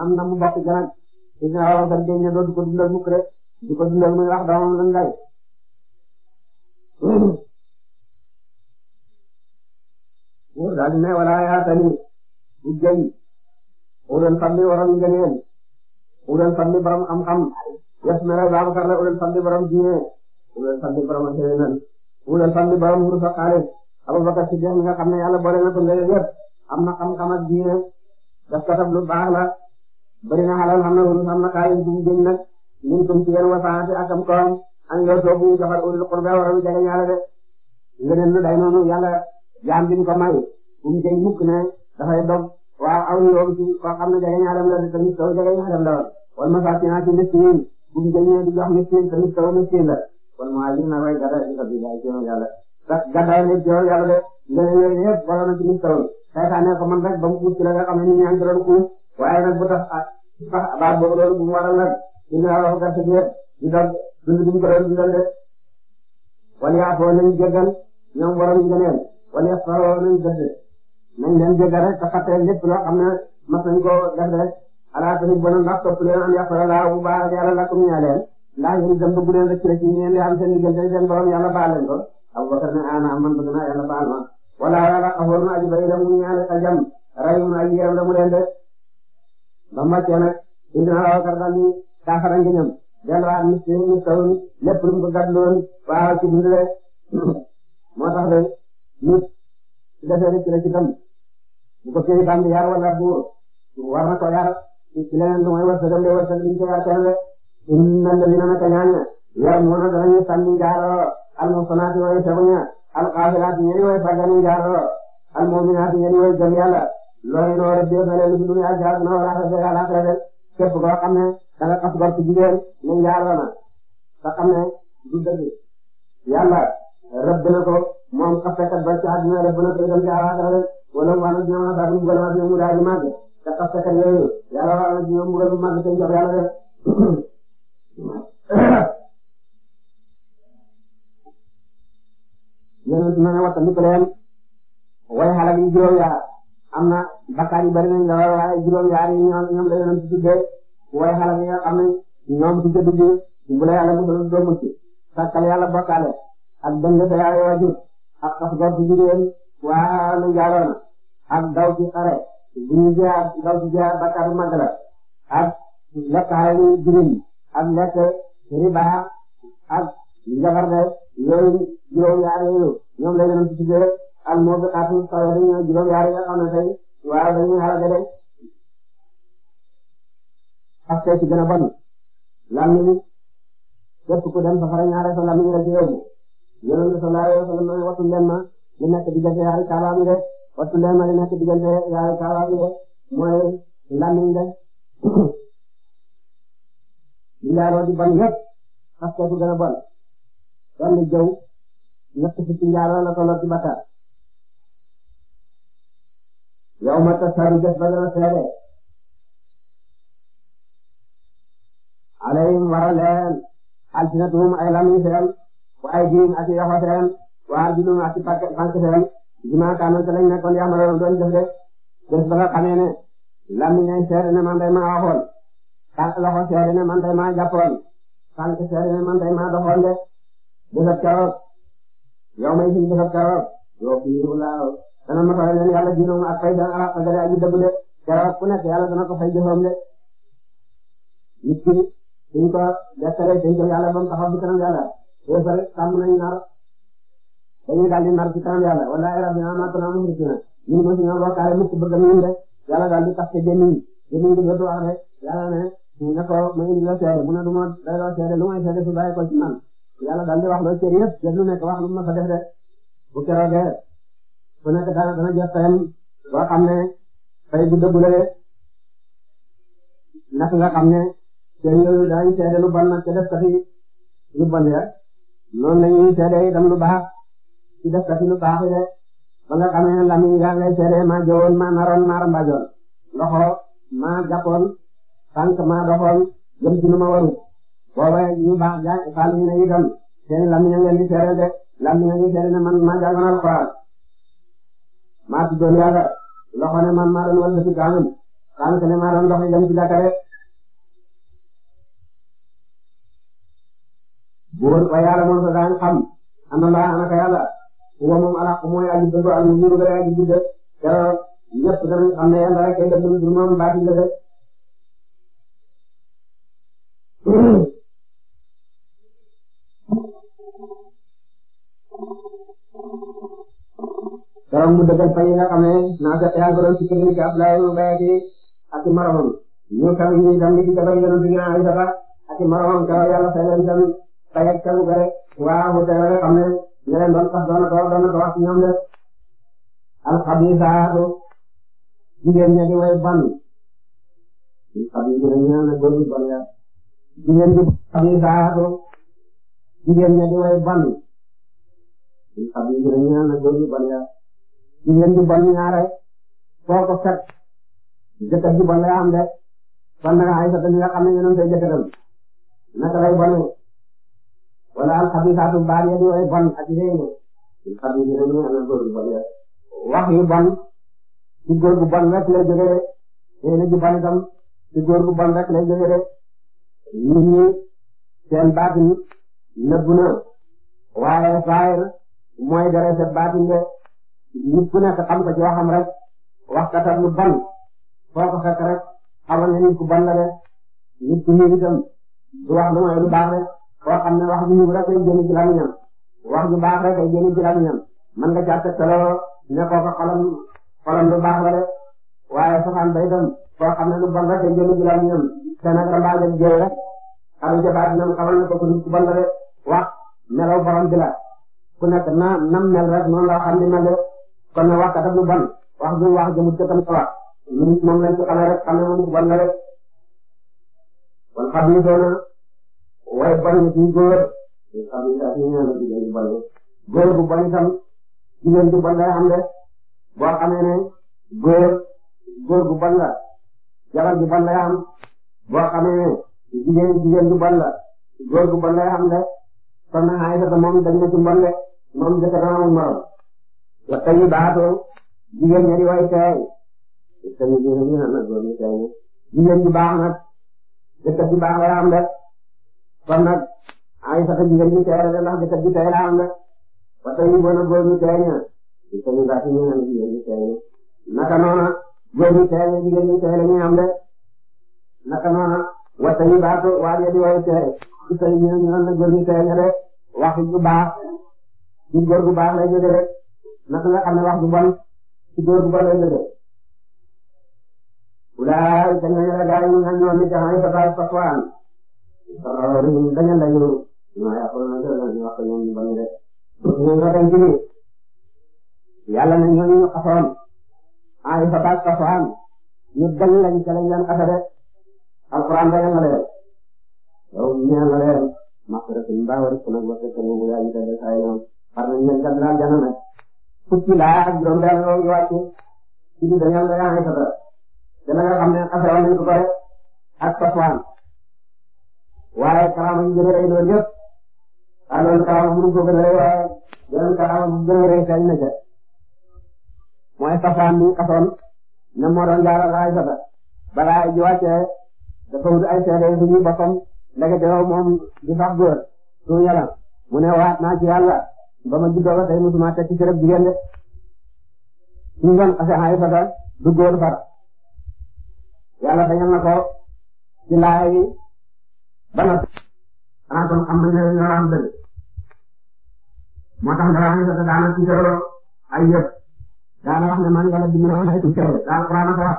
am na mu gàtt gànnaat si dina war a def day ne dootu ko dundal mukk rek di ko dundal muy wax doomam lan lay nguur daal di ne wala yaatani bu jëy ulul fadli waram ngëneel ulul fadli borom am-xam yes na la Babacar la ulul fadli borom diine ulul fadli borom ak yeneen ulul fadli borom wurus ak xaalis Abubakar Siddiq mi nga xam ne yàlla boole na ko nga yëpp am na xam-xam ak diine daf ko def lu baax la bëri na xalal xam na wurus am na xaalis bu mu jëm nag ñun suñ ci yéen wasaante ak am koom an yoo soo buñu safar ulul qurba wara lu jege ñaala de leneen lu day noonu yàlla jaam bi ñu ko may bu mu jëy mukk ne dafay dog waaw aw yoom ci koo xam ne jege ñaalam la de tamit kaw jege ñaalam la wal masaakin ci miskin bu mu jëy ne di jox miskin tamit kaw miskin la kon moo ajir na way dara ci sabilaay ci yoonu yàlla ndax gàddaay la jëloon yàlla de leneen yooyu yëpp waroon na ci lu tëral saytaane ko man rek ba mu puus ci la nga xam ne ñu ñaan ci doon puus waaye nag bu tax ah sax baat boobu loolu bu mu waral nag ñu ne la ko gerte gi yëpp ñu doon dund bi ñu ko doon dundal de wala yaa foo nañu jéggal ñoom waroon ngëneel wala yaa foo nañu gëdd nañ leen jéggal rek te fàtte lépp loo xam ne mas nañ koo def rek ala tamit bon ndax topp leen am yàqala laa bu baax yàlla la ko ñaa leen ndax yéen itam bëgg leen rek ci la ci ñeen di am seen diggante seen borom yàlla baal leen ko Abubakar ne ana man bëgg naa yàlla baal ma wala yàlla xawoon na aji bay la mu ñaan ak jam ray mu aji yaram la mu leen de ba màccee nag na Abubakar daal ni kaafara nga ñam delluwaat mis mis tawoon lépp lu mu ko gàdduloon waaw ci dundale moo tax de nit ci defee ci la ci tam bu ko kii tam yar wala buur war na ko yar ci leneen lu may wërsëgam de wërsëg liñ ko yar kenn de inna ladina naka ñaaña yar mu na danañu sànni jaaroo almuhsanaati way taguña alxaafilaati ñeni way faggani njaaroro almuminaati ñeni way gëm yàlla looy noo rek dee feneen fi dunya jaar noo wala rek yàlla ak rek képp koo xam ne da nga xas gor ci jigéen ne njaaroo ne du dëgg yàlla rëbb na moom xastekat ba ci àdduna rëbb na ko itam ci àllaaxira rek wala mu wàllu ñoom sax mu gëlaat ñoom mu daal di màgg te xastekat yooyu yàlla wàllu ñoom mu gën mu màgg seen jox yàlla yonent na ne wattandiku leen way xalak yi juróom yaar am na bakkaar yu bari nañ la waaye juróom yaar yi ñoom la yonent tuddee way xalak yi nga xam ne ñoom du ca dugg bu la yàlla musal doo mucc sàkkal yàlla bokkaale ak dëng sa yaay wajur ak sax gor ci jigéen waa lu jaaroona ak daw ci xare bu ñu jaar daw ci jaar bakkaar bu mag la ak lekk xale yu jurim ak lekk riba ak njabar de yooyu juróom-ñaar yooyu ñoom la yonent ci rek al moo bi xaatu sawar yi ñooy juróom-ñaar yi nga xam ne tey waaw dañuy xalaat de ak tey ci gën a bon lan la ñu képp ku dem safara ñaare sa lamiñ rek yóbbu yonent sallallahu alayhi wasallam ne wattu leen ma li nekk diggante yaari kaaba bi de wattu leen ma li nekk diggante yaari kaaba bi de mooy lamiñ de li laa di bon yëpp ak tey ci gën a bon benn jaww ñett fukki ñaar la tolloo ci bakkaar yow ma tasaadu def ba dana seede wara leen alsinatuhum ay lamiñ seen wa aydihim ak yoxo seen wa arjulum ak pànk seen juma kaanoon te lañ nekkoon yamaloon doon def de bés ba nga xamee ne lamiñ ay seede man day maa waxoon loxo seede ne man day maa jàppoon pànk seede ne man day maa doxoon de defar karoot yow may suñu defar karoot yoo fi wala dana matal leen yàlla juróom ak fay dana ala sagale aji dëgg de karoot ku nekk yàlla dana ko fay jëfam de nit ki suñ ko defaree suñ ko yàlla ba mu taxaw ci kanam yàlla defar sàmm nañu nar dañuy daal di nar ci kanam yàlla wallaahi rabbina ma kana musrifina ñun mosu ñoo bokkaale mukk bëgg ñu de yàlla daal di tax ci gémmiñ gémmiñ gi dootu wax de yàlla ne ne ko ma indi la seede mu ne du ma day la seede lu may seede su bàyyi ko ci man yàlla daal di wax loolu cër yëpp nekk wax lu mu fa def de bu keroogee ku nekk dana dana jot fayam boo ne fay bu dëgg de naka nga ne cër yooyu daañu seede lu bon nag te def kati lu bon ya noonu la ñuy seede itam lu baax ci def de ba nga xam ne lami yàlla lay seede maa jëwoon loxo maa jàppoon tànk maa doxoon jëm ci lu booba ñu baax jaay faal ñu ne itam seen lammiñ ngeen di seere de lammiñ ngeen di seere ne man maa jàngoon alxuraan maa man maa doon wal bëti kaamil kaamil ne maa doon doxi dem ci Dakar bu woon ko yàlla moom sa daan xam ana laa anaka yàlla huwa moom alaq mooy aji dëgg al mujiru bare aji jidde te ñëpp danañ xam ne yàlla rek kay def moom baati la de borom bu dëggal fay nga xam ne naa fexe yaa ngi doon ci kër yi ci Abdoulaye mu bayati ak i moromam ñu kaw ñu itam li ci defal yonent bi ay dara ak i moromam kaw yàlla fay leen itam fay ak kaw bare waaw mu teewale xam ne ñu leen doon tax doon na ko doon na ko wax ci ñoom de alxabisaatu jigéen ña di way ban alxabisaatu ñu ne góor ñu bon ya jigéen ñi alxabisaatu jigéen ña di way ban alxabisaatu ñu ne góor ñu bon ya jigéen ju bon ñaare foo ko fekk jëkkër ju bon lay am de kon nag Aysata mi nga xam ne yéen a jëkkëram naka lay bone wala alxabisaatu baariyatu way bon ak léegi xam nga jigéen ñi am na góor gu bon la wax yu bon ci góor gu bon rek lay jógee de yéen a ju bon itam ci góor gu bon rek lay jógee de nit ñi seen baatin nëbbu na waaye faayir mooy dara seen baatin de. nit ku nekk xam ko ci waxam rek wax katam lu bon foo ko fekk rek xamal ne nit ku bon la de nit ku ñëw itam du wax lu may lu baax rek foo xam ne wax ju ñëw rek ay jëni ci lamiñam wax ju baax rek ay jëni ci lamiñam man nga caa tegtaloo ne kooku xolam xolam lu baax la de waaye safaan ba itam foo xam ne lu bon rek ay jëni ci lamiñam te nag rambaajal jëy rek xalu jabaat nam xamal ne kooku nit ku bon la de wax melaw borom bi la ku nekk na nam mel rek noonu la xam ne mel de kon nag wax katam lu ban wax bi wax jëmut ca tam wax ñun moom lañ ci xamee rek xamee moom lu ban la rek kon xam yi doon na waaye ban la ci góor xam yi daal ñu ñaan jigéen bu ban góor bu ban itam jigéen bu ban lay xam de boo xamee ne góor góor bu ban la jabar bu ban lay xam boo xamee ne jigéen jigéen bu ban la góor bu ban lay xam de kon nag ay sa moom dañ na ci mbon de moom jëkkër amul morom wa tayyibaatu jigéen ña di way teey ittayibiina nag góor ñi teey jigéen ji baax nag jëkkër ji baax lay am de kon nag ay na ittayibaatu ñu naan jigéen ñi na jigéen ñi teey la ñu am de naka noona wa tayyibaatu waa ña naka nga xam ne wax ju bon ci góor gu bon lay jógee wulaay dañu ne la gars yi ñu naan ñoom it jaxase baal safwaan rëyum dañu la ñu ñoo yàqul na gërëm ñu wax ko ñoom ñu bon rek ñoom ñoo dañ ci nii yàlla na ñooñu ñu xasoon ay fa baal safwaan ñu dañ lañ ca lañ leen xase de alquran dañu la leen yow ñu la leen masra suñu baaw rek nag wax dëgg yàlla ñu koy def ay ñoom par nañ leen gàddu daal jàmm nag fukki laa ak juróom benn loolu ñu wàcc ci biir dañu la yaay sa dana nga xam ne xasee nañ ko pare ak Safwaan waaye kalaama yu gën a rëy loolu yëpp ah loolu kalaama mënu ko gën a rëy waaye yeneen kalaama bu gën a rëy feeñ na ca mooy Safwaan bi xasoon ne moo doon jaaral ay sa balaa ji wàccee dafa wut ay seede yu ñuy boppam ndeketewoo moom di sax góor su yaram mu ne waat naa ci yàlla. ba ma juddoo ba tey mosuma teg ci cërëb jigéen de suñu doon xasee ay fata du góor fata yàlla dañal na ko ci laay yi ba nga. xanaa kon xam nañ ne moo tax balaa ñu jot daanaka ci cërëb ay yëpp daana wax ne man yàlla dimbali woon ay ci cërëb daal xuraan ko wax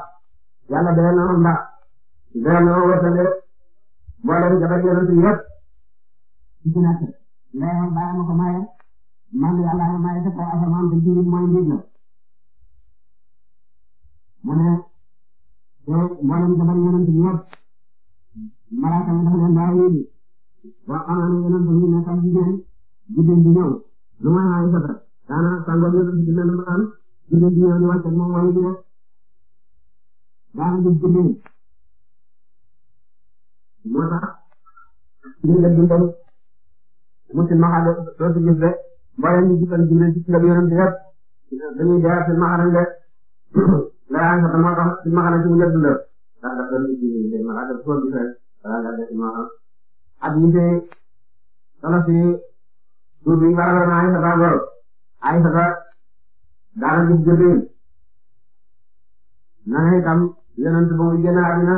yàlla dee na woon ba dee na woon wërsëg mboolem jabar yonent yëpp ci ci nekk ndeyam bàyyi ma ko maye. man yàlla na maye ca kaw asamaan te jiw mooy ndig la mu ne te mboolem jabar yonent bi yëpp malaaka mi dafa leen daa yéegi waaw xam naa ne yonent bi nekk ak jigéen jigéen di ñëw lu may maye sa bët daanaka sàngoor yonent bi mel na jigéen di ñëw di wàcc ak moom wala di nekk daanaka jigéen moo tax jigéen la dundal musulma xaaral dootu gis de. moo leen di jubal jubal ci club yonent yëpp dañuy dee seen maxanam de layaang sax moo tax seen maxanam ci mu njëkk la ndax dafa doon ji de ma ak ko gis rek wala nga def ma xam ak ñu te solo si tur bi barabar na ay sata gor ay sata daana gis jëbeen na ne itam yonent ba muy génn àddina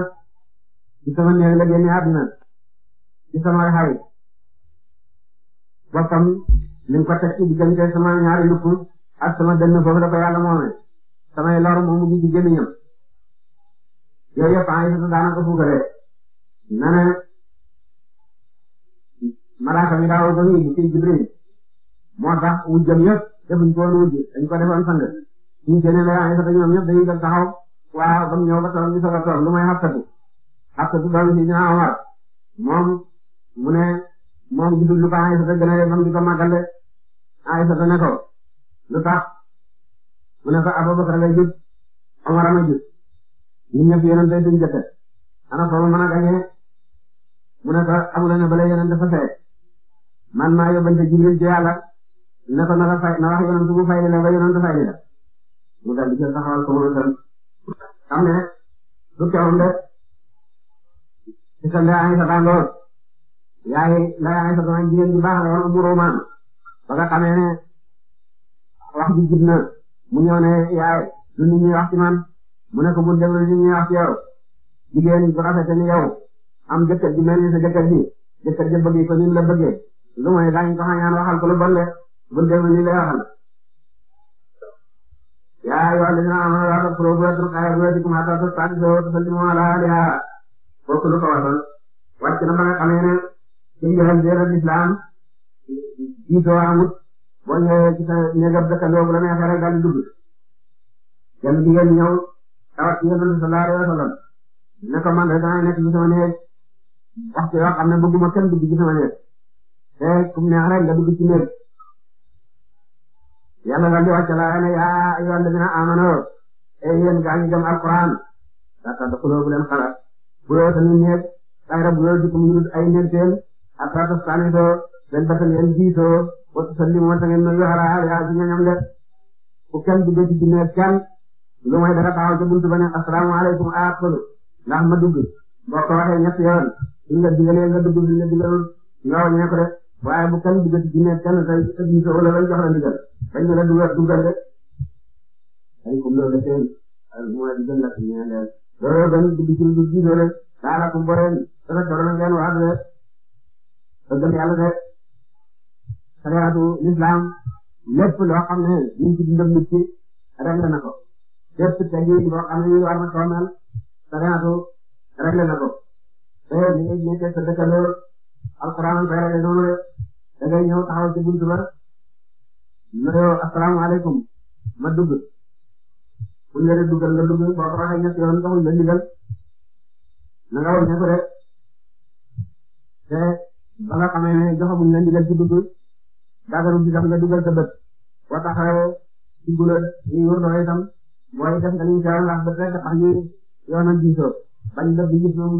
ci sama néeg la génn àddina ci sama xay bokkam li nga ko teg sama ñaari ndukku ak sama benn foofu la ko yàlla moomee samay lor moomu ji ci gémmiñam yooyu yëpp ay sa daana ko fuukalee na ne malaaka mi daaw ba muy ci Jibril moo tax wujjam yëpp defuñ ko woon wujj dañ ko defoon sang suñ keneen la ay sa ñoom yëpp dañuy def taxaw waaw ba mu ñëw ba toog ñu soog a toog lu may xaftatu xaftatu doom si dina Omar moom mu ne moom gisul lu ko ay sa gën di ko màggale Aysata ne ko lu tax mu ne ko Abubakar ngay jub Omar ma jub ñun ñëpp yonente duñ jëte ana foofu mën a mu ne ko amuleen bala yonente fa fee man maa yóbbante Jibril ci Yàlla ne ko na la fay na wax yonente mu fay la la mu dal di jël taxawal ko moom itam xam ne du teewam de ci sa ndey Aysata ngoon la woon mu romaan ba nga xamee ne wax bi na mu ñëw ne yaay du nit ñuy wax man mu ne ko bu déglu nit ñuy wax ci yow jigéen bu rafet ni yow am jëkkër ji mel ni sa ji jëkkër ji bëgg ko ni mu la bëggee lu mooy daañu ko xañaan waxal ko lu bon de bu ni lay waxal yaa ayyuha alladhina amanu laa taqulu buyuutakum ghayra buyuutikum hattaa tasta'nisuu wa tusallimuu alaa ahlihaa kooku lu ko waral wàcc na ba nga xamee ne ci njëriñ lislaam jiitoo amut boo ñëwee ci sa néegam dëkkandoo bu la neexee rek daal di dugg kenn di ngeen ñëw tawat ci yonent sallallahu alayhi wa sallam ne ko man de dana nekk ci sama néeg waxtu yoo xam ne bëgguma kenn dugg ci sama néeg te kum neex rek nga dugg ci néeg yàlla daal di wàcc laa ne yaa ayyuhal ladina amanu ay yéen gaa ngi gëm alquran la tadxulu bu leen xalaat bu loo seen néeg xayra bu loo dikkum ay néeg seen ak seen bakkan ngeen jiitoo wa tusallimu te ngeen nuyu ala ahlihaa ci ñoñam de bu kenn duggee ci biir kenn lu may dara taxaw ca ma dugg boo ko waxee ñetti yoon suñ la digalee dugg suñ la digalul nga wañee ko de bu kenn duggee ci biir kenn tey sa jiitoo wala lañ jox la ndigal bañ ne la dugal dugal de ay kum loolu seen mooy digal la ci ñeen leen loolu gën dugg ci lu jiitoo de daalakum boreen dara dara ngeen waat de sa gëm yàlla de sariatu l'islam lépp loo xam ne ñu ci dundam nit ki réglé na ko lépp teggin boo xam ne war na koo mel sariatu réglé na ko te li ngay nekkee sa dëkkandoo alxuraan koy réglé noonu rek da ngay ñëw ma dugg bu ñu la duggal nga dugg boo ko waxee ñett yoon taxuñ la ndigal na nga woon ñett rek te ne joxaguñ la ndigal ci dugg dagaru gisam nga dugal sa bët wa taxawoo duggula ñu wër itam booy def nga ñu seetlu ndax bët rek tax ñu yoon a diisoo bañ def di gis moom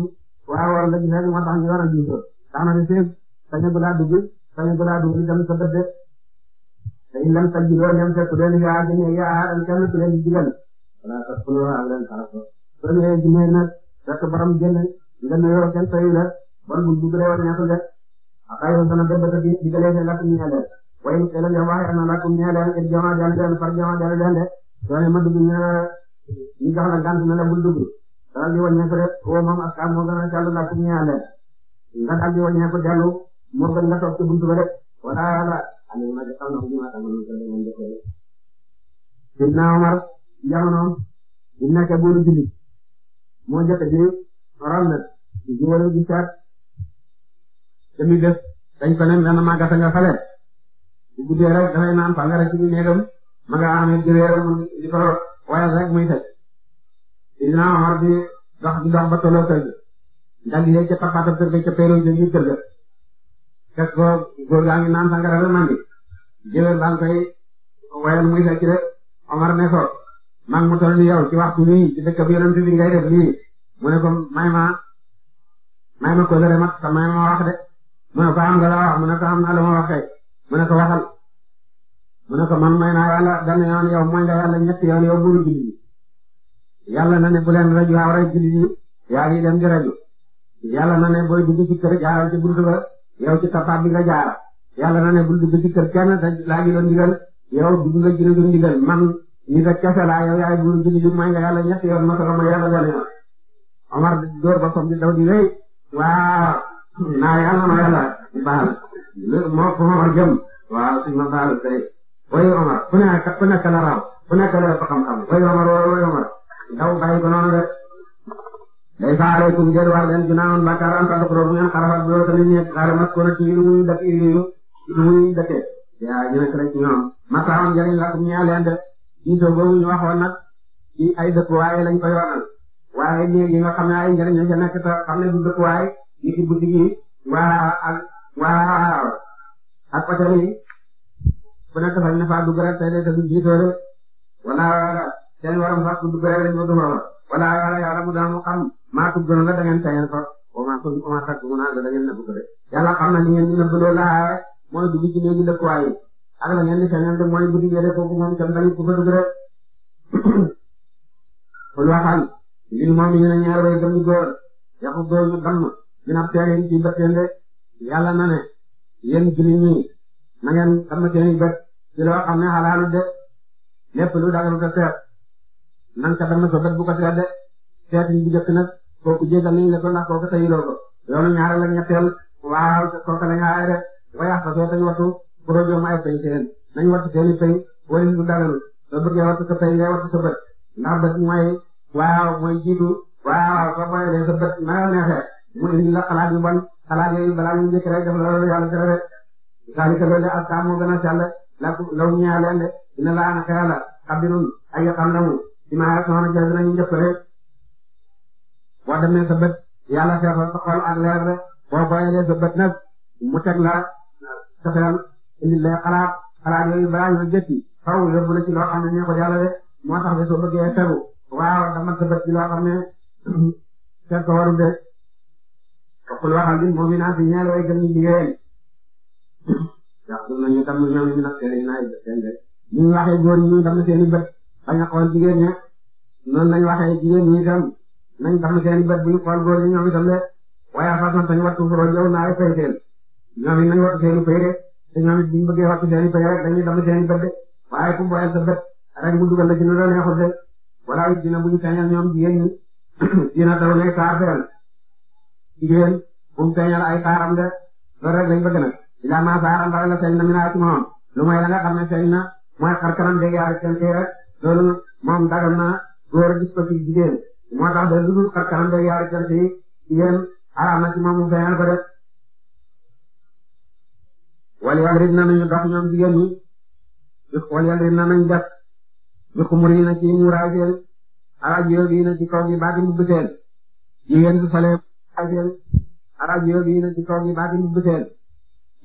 waa war nga gis rek moo tax ñu yoon a diisoo tax na ne seet sañ a balaa dugg sañ a balaa dugg itam sa bët de te ñu dem sa juróom dem fekk leen yaa gën yaa aadal kenn ku leen digal voilà parce que loolu ak leen xaaral ko. premier ji nag fekk borom génn nga nuyoo kenn sooy la bon bu dugg rek war a ñàkk xayran dana gën dëkk bi digalee seen lakk ñeel leen waaye ñu xelal yow waxee na lakk ñeel leen it jamono jàll leen far jamono jàll leen de doone ma dugg ñu ne la ñu jox la gànt na la bul dugg daal di wàññeeku rek woo moom ak kaam moo gën a jàll lakk ñeel leen nga daal di wàññeeku dellu moo gën nga toog ci buntu ba rek wala yàlla amee ma def am na ko ma tàmm ñu ko leen def rek sidna Omar jamono bu nekkee buuru jullit moo jëkk di ram na di wala di seet te muy def dañ ko ne dana màggata nga xale bu guddee rek dafay naan sàngara ko waaye rek muy tëj Seydina Omar di dox di dox ba tolloo kër gi dal di leen ca tapaatam kër ga ca peeroo jëngi kër ga fekk naan sàngara la nandi jëweer baa ngi koy wayal muy fecc rek Omar ne ko man mu toll ni yow ci waxtu nii ci dëkk bi yonent bi ngay def nii mu ne ko may ma may ma ko lëre mat te may ma wax de mu ne ko am nga laa wax mu ne ko am naa lu ma wax kay mu ne ko waxal mu ne ko man may naa yàlla benn yoon yow mooy nga yàlla ñetti yoon yow buuru jullit yi yàlla na ne bu leen raju aw rey jullit yi yaa ngi dem di raju yàlla na ne booy dugg ci kër jaaral ci buntu ba yow ci tapaab bi nga jaara yàlla na ne bul dugg ci kër kenn te laa juloon ndigal yow dugg nga jënd ndigal man ni ta kese laa yow yaay buuru jullit yi mooy nga yàlla ñetti yoon ma ko ma yàlla benn yoon Omar door boppam di daw di rëy waaw naa yàlla na yàlla baal moo ko Omar jëm waaw suñu ma baal tey way Omar ku nekk ku nekk la raw ku nekk la fa xam-xam way Omar way Omar daw ko noonu rek day faaree kum jël am tànn kuréel bu ngeen xarafal lool tamit ñu xaaral waaye yi ci guddi gi waaw ak waaw ak otel yi ku nekk sañ na faa dugg rek tey de te wala wala wala yàlla mu daal maa tudd na la da ngeen tayal ko au moins au moins sax mu naan la ko de yàlla xam na ni ngeen ñu nëbb loolu laa mooy dugg ci néegi dëkkuwaay yi ak la ngeen di sañal de mooy guddi gi de kooku ko fa dugg dina feeñ ci bët yéen de yàlla na ne yéen jullit ñi na ngeen xam seeni bët ci loo xam ne seet nan ka dama bu ko seet de seet yi bu jëkk nag kooku jégal nañ ko ndax kooku tayiloo ko yoonu ñaareel ak ñetteel waaw kooku lañ aay de waaye ak soo tañ wattu problème ay pay seen nañ wattu seeni pay wala lu dagalu soo bëggee wattu sa pay ngay wattu sa bët ndax mooy waaw mooy jiitu waaw soo booyee sa bët na neexee mu indi la xalaat yu bon xalaat yooyu balaa ñu njëkk rek def loolu yàlla tere rek zalika loolu aska moo gën a sell la law ñeex leen de dina la an xeex la xabirun ay xam la mu si maa soxna jëf dinañu njëkkale boo demee sa bët yàlla feexal sa xol ak leer de boo booyalee sa bët nag mu teg la sa xel indi lay xalaat xalaat yooyu balaa ñu jëkki faw yóbbu la ci loo xam ne neexul yàlla de moo tax de soo bëggee xelu waaw dama sa bët ci loo xam ne seet ko warul de kul waxal bil mu'minaati ñeel way gëm ñi jigéen yaxdu nañu damm ñoom ñu nag seen naa seen de ñu waxee góor ñi damm seen i bët bañ a xool jigéen ña noonu lañ waxee jigéen ñi itam nañ damm seen i bët buñ xool góor ñi ñoom itam de waaye fas na tañ wattu foro jow naare fay seen ñoom it nañ wattu seen i fay de te ñoom it buñ bëggee wattu seen i fay rek dañuy damm seen i bët de waaye ku boyal sa bët rek mu dugal la ci lu la neexul de wala it dina buñ sañal ñoom jigéen ñi dina daw ne saar feen jigéen bu feeñal ay taaram de loolu rek lañ bëgg nag ila ma saaran dara la na mi naa moom lu mooy la xam ne feeñ na mooy xar kanam de yaara seen kii rek loolu moom dagal na góor gis ko ci jigéen moo tax de lu xar kanam de yaara seen kii jigéen araam na ci moom mu feeñal ko de wal yadribna nañu dox ñoom jigéen ñi wal yadribna nañu def bi xumuriina ci muuraay seen ala jiyóbiina ci kaw gi baati mbubb seen jigéen su falee ak yéen arab yooyu yi nag di toog yi baati mbubb seen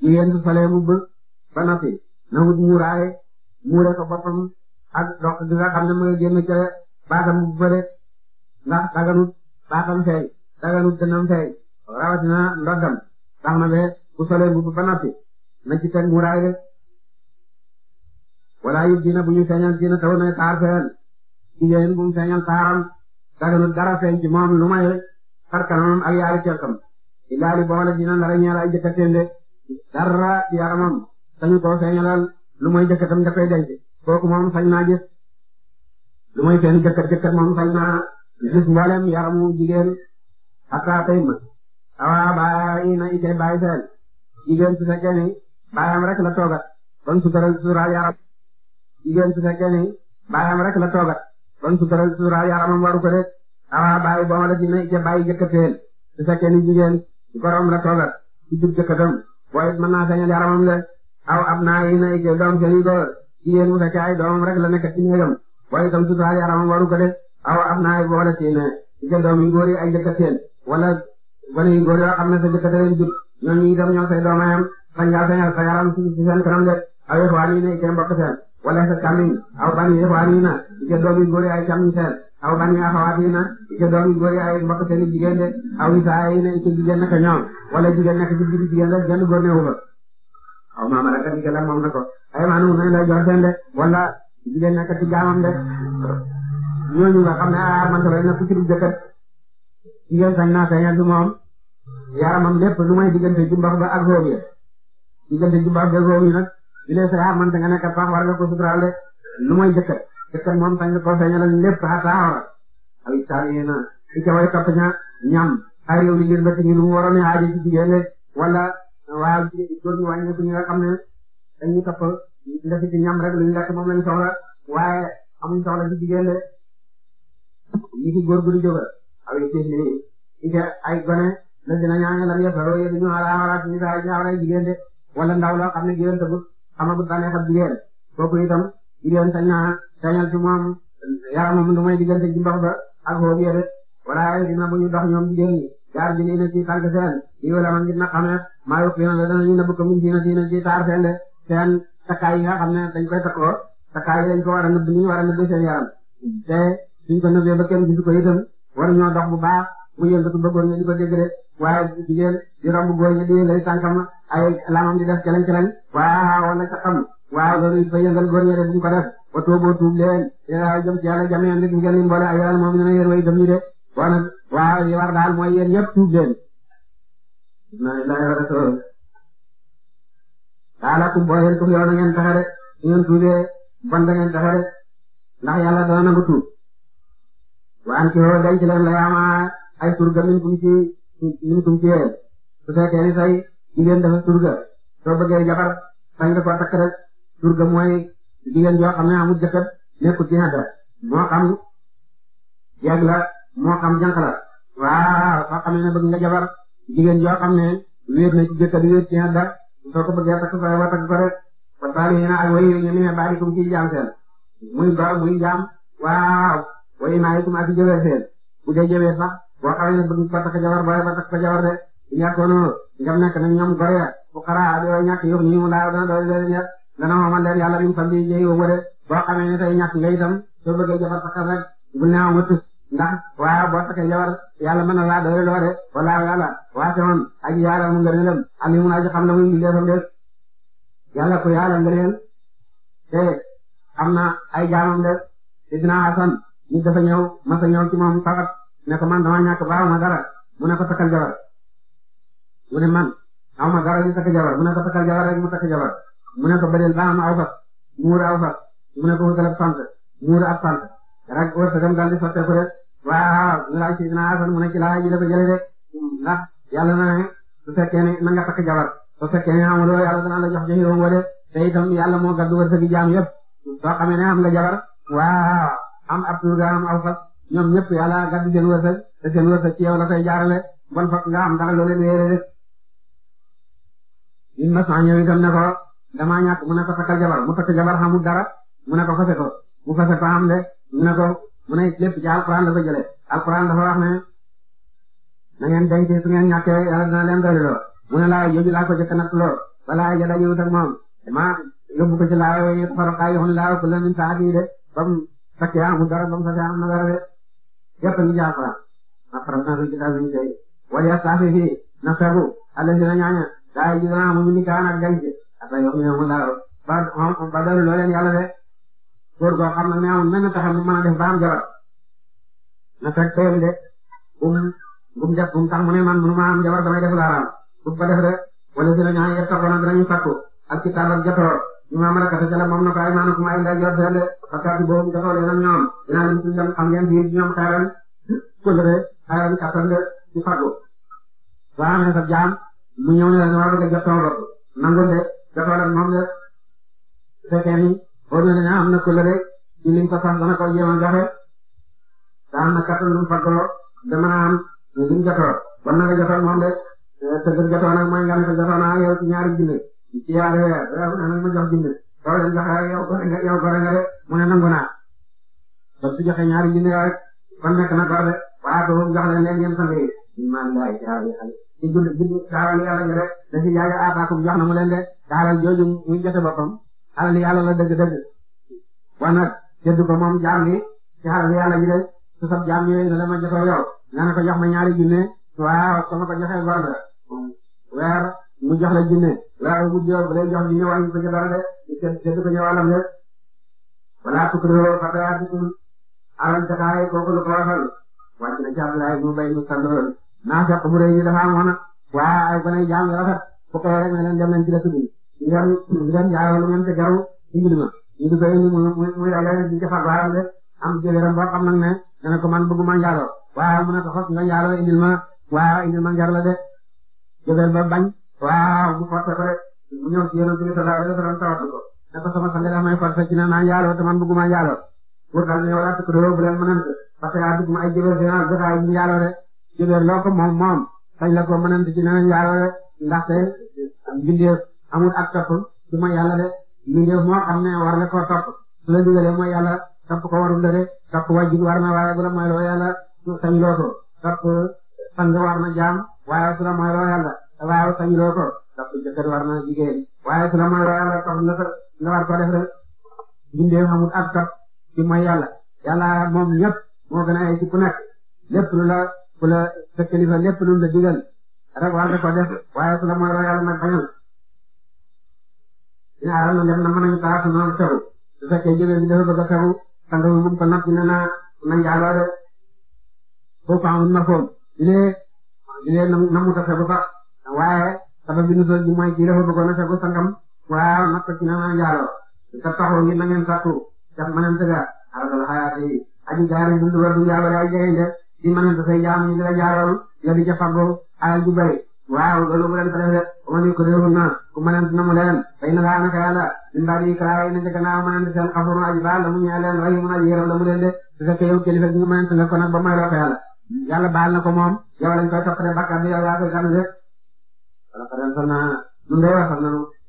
jigéen su solee mbubb ba noppi na wut muuraay muure ko boppam ak dox gi nga xam ne mooy génn ca baatam mbubb ba de ndax daganut baatam feeñ daganut dënnam feeñ rawatina ndoddam tax na be ku solee mbubb ba noppi na ci teg muuraay de wala yëpp dina bu ñu feeñal dina taw na taar seen jigéen bu mu feeñal taaram daganut dara feeñ ci moom lu xar kanamam ak yaari cerkam illaa boole dina nar a ñeel ay jëkkateen yaramam sañu koo feeñalal lu mooy jëkkatam kooku moom sañ naa gis lu mooy seen sañ naa gis mboolem yaramu jigéen xataa ma awa bàyyi na itee bàyyi seen jigéen su fekkee ni la toogat kon sutural sutural yaram jigéen ko de awa bàyyi boo la dina ca bàyyi jëkkëteel su fekkee ni jigéen gorom la toogal ci jub jëkkëtam booy mën naa feeñal yaramam le aw ab naa yi na ca doom seeni góor jigéen mu fekkee ay doomam rek la nekk ci néegam booy itam suturaal yaramam waru ko aw ab naa yi boo la ci ne ca doom yu góor yi ay jëkkëteel wala gone yu góor yoo xam ne sa jëkkëtaleen jub ñooñu itam ñoo sa yaram ci seen kanam de aw yëf waa nii na ca mbokk seen wala sa càmmiñ aw ban yëf waa na ca doom aw ban nga xawaati na ca doomi góor yi ay mbokk jigéen de aw i saa yi jigéen naka ñoom wala jigéen nekk ci na ko ay maanaam nañ la jox seen de wala jigéen nekk ci de ñooñu nga xam ne ah man tamit na ku ci di jëkkër jigéen sañ naa sañal ci moom yaramam lépp lu may diggante jumbax ba ak góob ya diggante jumbax ba góob yi nag bi lee sa yaa ah, man nga nekk pax war nga ko suturaal te moom sañ la ko sañaloon lépp xataa awra ay taaliyeena ci ca way topp ña ñam ay réew li ngir bëtt ñu lu mu waroon a aajo ci jigéen rek wala waaw góor ñu wàññi ko ñi nga xam ne dañuy topp ndefi ci ñam rek lu ñu lekk moom lañu soxla waaye amuñ soxla ci jigéen de ñi ci góor gu di jóga awee ci li ci ca ay gone la dina ñaane lam yefaro yédu ñu ala awra ñu daay ñu awra jigéen de wala ne jigéen tëggut xamagut bànneexab jigéen kooku itam jigéen feeñal ci moom yaramam lu may diggante ci ndox ba ak xob ya de wala dina bu ñu dox ñoom jigéen ñi jaar bi na ci tànk seen lii wala man dina xamee maa yokk yoon la danañu nëbb ko min dina dina ci taar seen de seen takkaay yi nga ne dañ koy takkoo takkaay yi dañ ko war a nëbb ni ñu a nëbb seen yaram te suñ ko nëbbee ba kenn gisu ko itam war ñoo dox bu mu yëngatu bëggoon nga di ko dégg de waaye jigéen di romb góor ñi di yëngal tànkam ay lamam di def calañ calañ waaye wala ca xam waaye wa tuubu tuub leen ila jëm ci yàlla jami'an rek ngeen leen moom dina yéen way gëm ñi de waaw waaw daal mooy yéen ñëpp tuub leen inna lillahi wa rasul taala kum boo leen tuub yow ngeen taxe rek ngeen tuubee bon ngeen taxe rek ndax yàlla dana nangu tuub waan ci woo denc leen la yaama ay surga min kum min kum ci yéen su fekkee ni say jigéen dafa surga soo bëggee jabar sañ ko takk rek surga mooy jigéen joo xam ne amul jëkkër nekkul ci xedda moo xam jeeg la moo xam jànq waaw soo ne bëgg nga jabar jigéen joo ne wéet na ci jëkkër wéet ci xedda soo ko ne bàyyi kum ci jaam seen ba muy jaam waaw way naa yi kum ak jëwee seen bu sax boo xawee ne bëgg ko jabar booy ba takk ko jabar de ñàkkoon ngam nekk nañ ñoom gore bu xaraa di way ñàkk yóbbu ñu mu laaw dana dana xamal leen yàlla lim fam bi jëy wa de boo xamee ne tey ñàkk nga itam soo bëggee jabar takkal rek bul ne ndax waaw boo takkee jabar yàlla mën na laa doole loo de wallaahu yàlla waate woon aji yàlla mu ngëneelam alimun aji xam na muy mbindeefam de yàlla ku yàlla ngëneel te am na ay jaamam de sidina Hasan nit dafa ñëw masa ñëw ci moom tawat ne ko man dama ñàkk baaw ma dara mu ne ko jabar mu ne man aw ma dara mu ne ko mu ne ko bëleel ba am aw fas muur mu ne ko wutal ak pant muur ak pant rek wërsëgam daal di sotteeku rek waaw ñu laaj ci dina asan mu ne ci laa ji la jële rek ndax yàlla na ne su fekkee na nga takk jabar su fekkee ne amuloo yàlla dana la jox joxe woon wala te itam yàlla moo gaddu wërsëgi jaam yëpp soo xamee ne am nga jabar waaw am ab tur nga am aw ñoom ñëpp yàlla gaddu seen wërsëg te seen wërsëg ci yow la koy jaarale bon fokk nga am dara loo leen rek. damaa ñàkk mu ne ko takkal jabar mu takk jabar xamul dara mu ko fase ko mu fase ko de mu ko mu ne lépp ci alquran la ko jëlee alquran dafa wax ne na ngeen denc su ngeen ñàkkee yàlla dina leen doy loo mu ne laa yooyu laa ko jëkk nag loo balaa yàlla jiw tak moom damaa yóbbu ko ci laa yi xorokaay yoon laa ko la min saati de ba mu takkee amul dara ba mu fase am na dara de ko ci daal ñu koy wala yàlla saa fi fii na fegu àll si na ñaaña daa yi ji dana amuñu ni kaan ak ak ay yom yomul laa ba ba doylu loo leen yàlla de góor goo xam nag ne amul menn taxam mu mën def ba am na fekk teel de bum bum def bum tax mu ne man mënuma am jabar damay def laaraam bu ko def de wala si la ñu xayma na dinañu sakku ak ci taal ak jotoro ñu ma amal ak la moom na ko ay maanaam ku ma ay ndaje yor seen de parce que boobu jotoo leen ak ñoom dinaa leen si ñoom xam ngeen si ñoom xaaral kóllëre la ñu war a bëgg a jot sama defal ak moom la fekkee ni boo ñëwee ne am na kóllëre ci liñ ko sant dana ko jéem a joxe daan mu faggaloo da na nga jotoon moom de te gën jotoo nag mooy ne te jotoo naa yow ci ñaari jox junne soo leen joxe ne nangu naa ba su joxe ñaari junne rek kon nekk na gore de waaye boobu jox iman laay jaaral yàlla ci jullit bi jaaral yàlla gi rek da ci jaaga jox na mu leen de jaaral jooju muy jote boppam alal yàlla la dëgg-dëgg wa nag jëdd ko moom jaam bi ci alal yàlla gi de su sab jaam yooyu ne la ma jotoo yow nga ne ko jox ma ñaari junne waaw sama ko joxee góor la weer mu jox la junne waaw bu jox bu lay jox junne wàññi ko ci dara de jëdd ko ñëwalam de wala tukrihu fatayaatikum alal jotaay kooku lu ko waxal wàcc na ci Abdoulaye mu bay mu sàlloon naa fekk bu rëy yi dafa amoon waaye ba nay jaam yu rafet bu xëyee rek ne leen dem leen ci lu ngeen te garaw indil ma ñu duggee indi muy muy de am jëgëram boo xam nag ne dana ma waaw ma njar la de jëgër ba bañ waaw mu forcé ko rek mu ñëw ci a te man bëgguma njaaloo pour ne wala tukkudoo bu leen mënante de ci leer loo moom moom sañ la ko mënant ci neneen yàlla de ndaxte mbindeef amul su la koo mooy yàlla topp ko warul la de topp wajjul war na waaye bu la mooy loo yàlla sañ loo ko topp war na jaam waaye su la mooy loo yàlla waaye sañ loo ko topp war na jigéen waaye su la mooy loo yàlla topp nga nga war ko def rek mbindeef amul moom ñëpp moo gën a ay ci ku lu la ku la sa kilifa lépp lu la digal rek war nga ko def waaye su la mooy loo yàlla nag bañal dina aral na lem na mën nañu taatu noonu sew su fekkee jëlee bi dafa bëgg a sew sang bi bu mu ko nopp dina na na njaaloo de foofu amul na foom ta sebu sax waaye sabab bi nu soog ji mooy kii dafa bëggoon a sangam waaw nag ko ci na na sa taxoo ngi na ngeen sàttu daf mënante ga aradal xayaat yi aji gaari dundu war du njaaloo ay jegende di mënante say jaam ñu di la jaarool nga di ca fagoo alal ju bari waaw loolu bu leen ko defee wala ñu ko réewul na ku mënante na mu leen fay na laa naka yàlla min baa di karaay na ca gannaaw mënante seen xafuru aji baal la mu ñaa leen rayi mun aji la mu leen de su fekkee yow kilifa gi nga mënante nga ko na ko moom nanu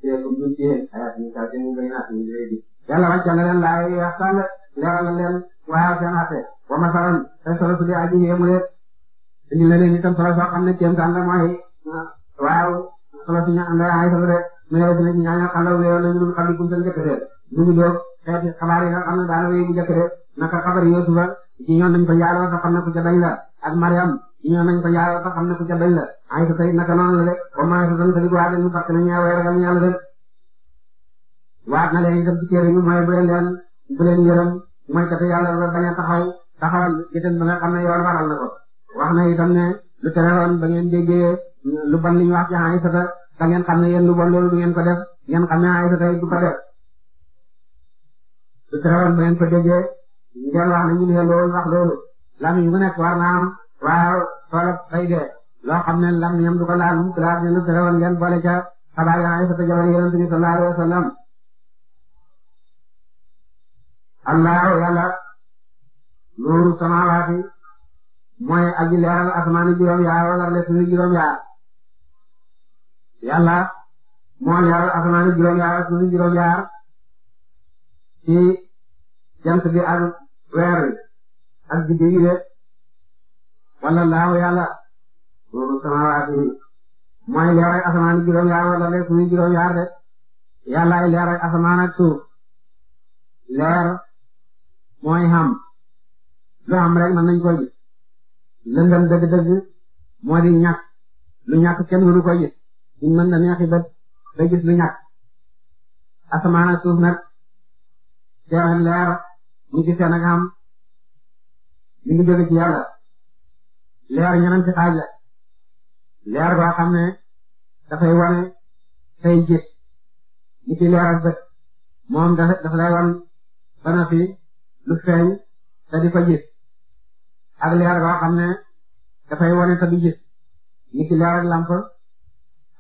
te comme duñ ci ayaat ñu kaa seen bay naat di yàlla wàccal na leen laay waxtaan leeral na leen waaw seen atte wa masalan ay solo li aji yemule indi na leen itam solo soo xam ne kéem taan la mooy waaw solo si ña nga ay solo de mais yow dinañ ñaañoo la wéyoo la ñu doon xam ne kum seen njëkk de ñu ngi doog xeeti xabaar yi nga ne daal wéy bu njëkk de naka xabar Yuusufa ci ñoon nañ ko njaaloo te xam la ak Mariam ne ku ca dañ la ay sa tey naka noonu la de wa maa sa tan taligu waa dañu fakk na ñaa way ragal yàlla de waat na leen itam ci téere ñu mooy bu leen leen bu taxawal itam ba nga xam ne yoon waral na ko wax na itam ne lu terewoon ba ngeen déggee lu bon li ñu wax ci Aysata da ngeen xam ne yéen lu bon loolu du ngeen ko ngeen xam ne Aysata du ko lu terewoon ba ngeen ko déggee ngeen wax ne ñu ne loolu wax loolu lam yu mu nekk war naa waaw toolab fay dee loo xam ne lam yam du ko laal mu laal ne lu terewoon ngeen boole ca xabaar yi Aysata jabar Yonent bi sallallahu alayhi wa sallam Allah yàlla nuuru samaawaati mooy aji leeral asamaani juróom yaar wala les ni juróom yaar yàlla moo leeral asamaani juróom yaar ak suñu yaar ci jant bi ak weer wi ak biddiw yi de wala laahu yàlla nuuru samaawaati mooy leeral asamaani juróom yaar wala les ni juróom yaar de yàllaay leeral asamaan ak suuf leer mooy xam lu am rek mën nañ koy gis lëndëm dëgg-dëgg moo di ñàkk lu ñàkk kenn mënu koy gis duñ mën na neexi bët ba lu ñàkk asamaan ak suuf nag seen leer ñu gisee nag xam li ngi jóge ci yàlla leer ñeneen ci xaaj leer boo xam ne dafay wane say gis li ci leer ak bët moom dafa dafa wan ba na fi lu feeñ te di ko gis ak leer boo xam ne dafay wane te du gis leer ak lamp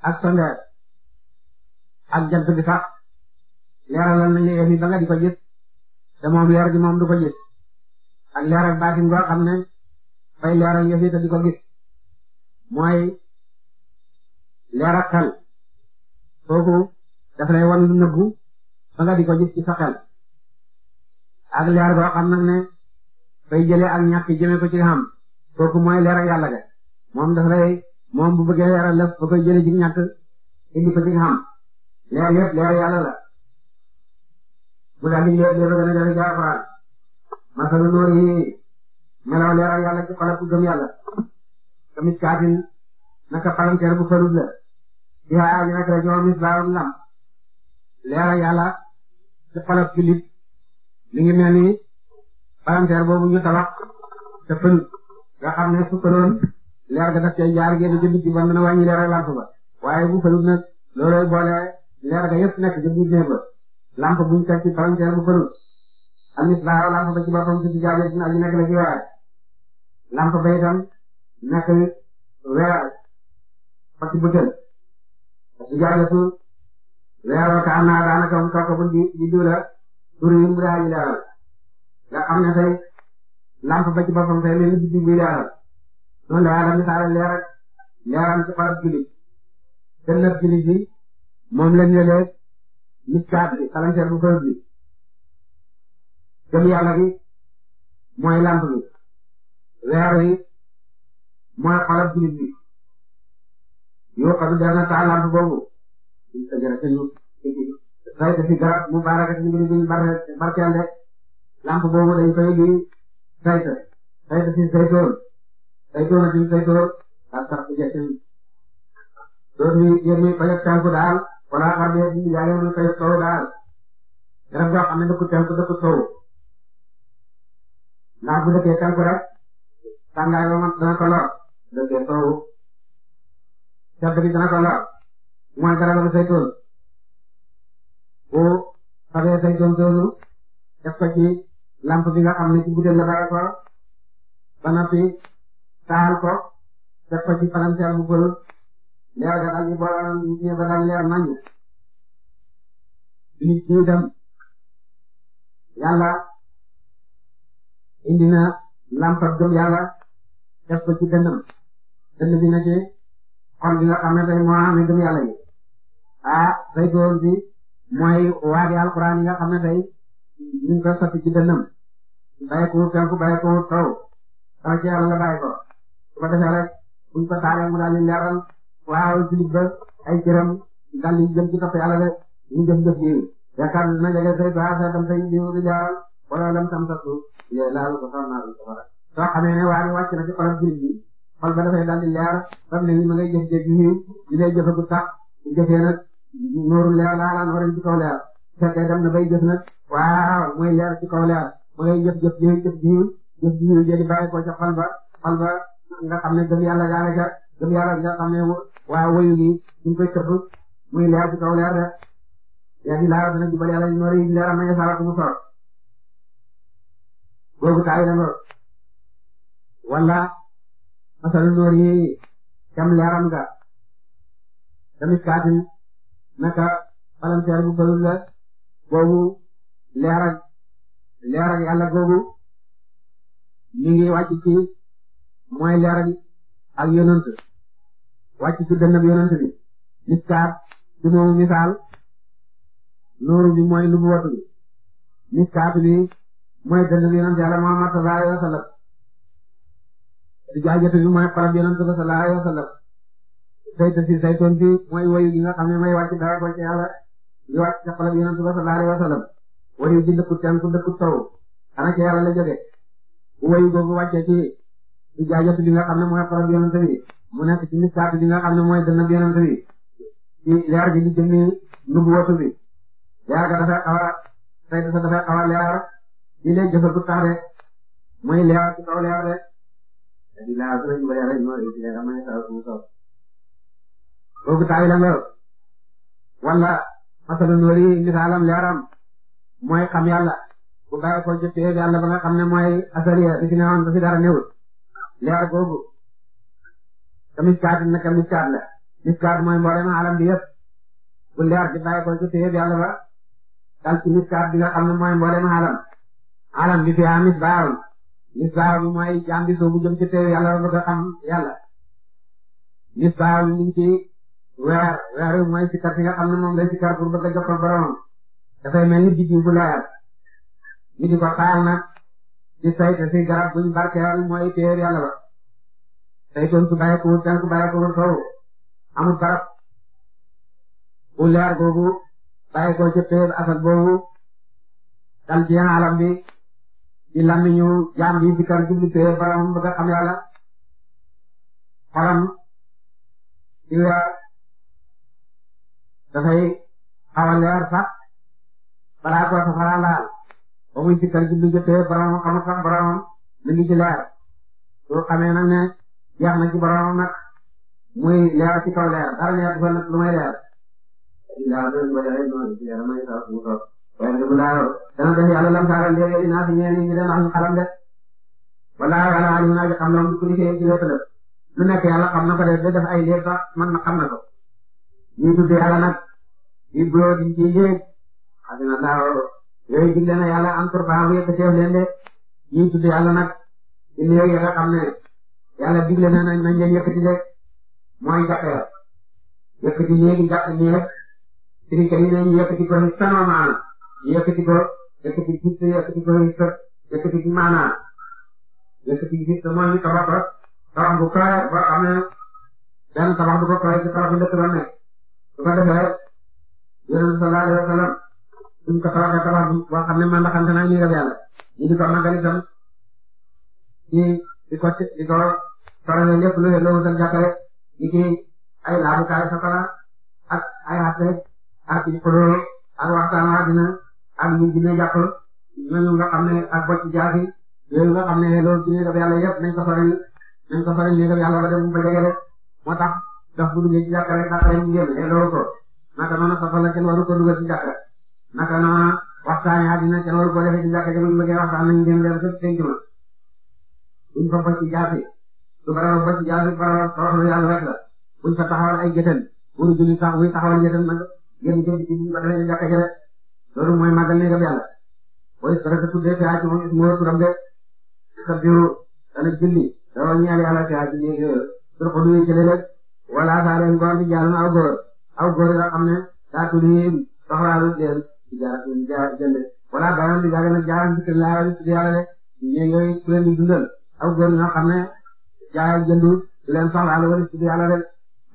ak sondeer ak jant bi sax leeralal nañ la yéen ba nga di ko te moom leer gi moom du ko ak leer ak baatin boo xam ne fay leeral yëf yi te di ko mooy leer ak xel kooku daf lay wan lu nëbbu ba nga di ko ci sa ak leer boo xam nag ne fay jëlee ak ñàkk jëme ko ci xam kooku mooy leeral yàlla ga moom dafa moom bu bëggee leeral lépp ba koy jëlee ci ñàkk indi ko ci xam leer yëpp yàlla la bu daal di leer leer gën a gën a jaafaal masalu noor yi melaw leeral yàlla ci xolab ku gëm yàlla tamit kaatin naka palanteer bu fëlut la di haa ñu rek ñoom mis baawam lam leeral yàlla ci xolab jullit li ngi mel ni palanteer boobu ñu tabax te fën nga ne su fëloon leer ga daf jaar génn jënd ci ba mën a wàññi leer lamp ba waaye bu fëlut nag loolooy boole leer ga yëpp nekk jënd ci ba lamp buñ teg palanteer bu fëlut amit baaw lamp ba ci boppam ci jaaree dina ak nekk la ci weer lamp ba itam nekk weer fa butel ci jaaree su weeroo ka am naa daanaka mu toog ko bu di di diw la tur yi mu nga xam ne tey lamp ba ci boppam tey mel ni biddiw buy leeral noonu la yàlla misaale leer ak leeram ci xolab jullit te nëb jullit bi moom lañ lelee nit kaat bi salanteer bu fël bi gëm yàlla bi mooy lamp bi weer wi mooy xolab jullit bi yoo xam ne dana taal lamp boobu sa jërë te ñu saytu fi garab mu baaraka ci ñu barkeel de lamp boobu day fay di sayta sayta si saytoor saytoor ak si saytoor ak sax si gerte gi loolu nii yéen ñii fayag tànku daal wala xam ne yaa ngi leen fayag sow daal garab goo xam ne dëkku tànku dëkku sow naaj bu dëkkee tànku rek tàngaay ba man dana ko lor dëkkee sow sedd bi dana ko lor mooy garabu saytoor bu xamee saytoor soosu def ko ci. lamp bi nga xam ne ci butéel la bàyyi ko ba noppi taal ko def ko ci palanteer bu bël leer ga daal di boole ñu ñëw ba daal leer nañu bi ñuy dem yàlla indi na lamp ak gëm ah day doon bi mooy waadi alquran yi nga xam ne ñu ko sotti ci dënnam bàyyi ko penku bàyyi ko taw taw ci yàlla nga bàyyi ko su ko defee rek buñ ko taalee mu daal di leeral waaw jullit ba ay cëram daal di jëm ci topp yàlla de ñu jëm jëf yi yaakaar na jege say ba sa tam say diw di leeral wala lam tam sa suuf yooyu laal ko sax naa ko wala soo xamee ne waa ji wàcc na ci xolam jullit bi xol ba dafay daal di leer ba mu ne ma ngay jëf jëf yi ñu lay jëfagu tax jëfee nag nooru leer laa laa noorin ci kaw leer fekkee dem na bay jëf nag waaw mooy leer ci kaw leer ma ngay jëf jëf jëf jëf jiw jëf jiw jëli bàyyi ko ca xol ba xol ba nga xam ne gëm yàlla gaale ca gëm yàlla nga xam ne waaw wayu gi ñu koy tëbb muy leer ci kaw leer de yaa ngi laal dana jubal yàlla ñoor yi leeram nañu saa ku mu soor boobu taay la lool wala masalu noor yi kam leeram nga tamit kaatin naka palanteer bu bëri la googu leer ak yàlla googu mi ngi mooy leer ak ak yonent wàcc ci dënnab yonent bi miskaat ci moomu misaal bi mooy nubuwatu bi miskaat bi mooy dënnab yonent yàlla Muhammad sallallahu alayhi wa sallam dijaajatu bi mooy xolab yonent bi sallallahu alayhi wa si saytoon mooy woyu gi nga xam ne may wàcc dara ko ci yàlla li wàcc ci xolab yonent bi sallallahu alayhi wa sallam wayu ji dëkkut teen ku dëkkut taw xana ci yàlla la jóge bu wayu googu wàccee ci di jaajëf li nga xam ne mooy xolab yonent bi mu nekk ci miskaat li nga xam ne mooy dënn yonent bi ci leer gi di jëmmi nubuwatu bi leer ga dafay xaw a tey dafa dafay xaw a leer di leen jëfal bu tax de mooy leer ci kaw leer de di la asura ñu bari rek ñoo ci leer amay sa su so bobu tawila nga wala fasalun wali misaalam leeram mooy xam yàlla bu bàyyi ko jëf yàlla ba nga ne mooy asaliya bi ci newoon ba fi dara newul leer googu ka miskaat na ka miskaat la miskaat mooy mboolem alam bi bu leer di bàyyi ko jëf yàlla ba dal ci miskaat bi nga xam ne mooy mboolem alam alam bi fi am misbaaxul misbaax bi mooy jaam bi soobu jëm ci teew ba nga xam yàlla misbaax bi mu ngi weer weer wi mooy sikkar si nga xam ne moom lay sikkar pour bëgg a jokkal boromam dafay mel ni biddiw bu leer ñu di ko xaar nag di sayte si garab buñ barkeel mooy téer yàlla ba saytoon su bàyyeekuwul penku bàyyeekuwul sow amul barab bu leer googu bàyyeekoo xam yàlla xolam di dafay xaw a leer sax balaa ko safara laal ba muy sikkal julli jotee boromam xamul sax boromam mi ngi ci leer su xamee nag ne jeex na ci boromam nag muy leer ci kaw leer dara leer du fa nag lu may leer daa doon ba leer noonu ci leer may sax suñu toog waaye nag bu laaroo dana def yàlla lam saara léegi dinaa fi ñeen ñu dem am xalam de wallaahi wala alimuna ji xam la mu di ku di fee ci lépp lépp lu nekk yàlla xam na ko de da def ay léeb sax man na xam na ko ñi tuddee yàlla nag di buloo di ci yéeg xadina laaw yooyu digle na yàlla am turbaam yëkkateef leen de ñi tuddee yàlla nag di néew ya nga xam ne yàlla digle na nañ nañ leen yëkkati de mooy jaqeer yëkkati ñeegi jàq ñeeg sirika yi ne ñu yëkkati ko his tanoo maana ñu yëkkati ko yëkkati gis yëkkati ko his yëkkati maana yëkkati gis mooy ñu tabax ko tabax bu kawe boo xam ne benn tabax bu ko kawe ci tabax bu dëkk ba nekk su ko defee rek yonent sallallahu alayhi wasallam suñ ko tabaxee tabax bu boo xam ne man la xam te ne ñu def yàlla ñu di ko magal itam ci di ko di ko soxla lépp lu yële wutal jàppale di ci ay laabukaay safara ak ay atte ak ci xuloo ak waxtaan àddina ak ñu gën a jàpp ñooñu nga xam ne ak bocc jaasi yooyu nga xam ne loolu ci ñu def yàlla yëpp nañ ko sori nañ ko sori ñu def yàlla ba dem ba jege rek moo tax. ndax bu duggee ci jàkka rek daa pare mu génn yéen loolu ko naka noonu safala kenn waru ko dugal ci jàkka naka noonu waxtaanee àddina kenn waru ko defee ci jàkka jamono bëggee waxtaan nañ dem leen fépp penc ma buñ fa bocc jaasi su barab bocc jaasi barab toroxlu yàlla rek la buñ fa taxawal ay jëten wuru julli sax buy taxawal jëten nag yéen jëf ci buñ ko defee ci jàkka ja rek loolu mooy màggal ne gab yàlla booy sore ko tuddee faa ci moom it moo turam de sa biiru dana julli dara ñeel yàlla faa ci néeg yooyu sur ko duy ci léeg wala saalen góor bi jaalun aw góor aw góor yoo xam ne daa tudd soxlaalu leen di jaar di jaage laa di tudd rek ñi ngay ku leen aw góor ñoo xam ne jaay jëndu leen soxlaalu wala tudd rek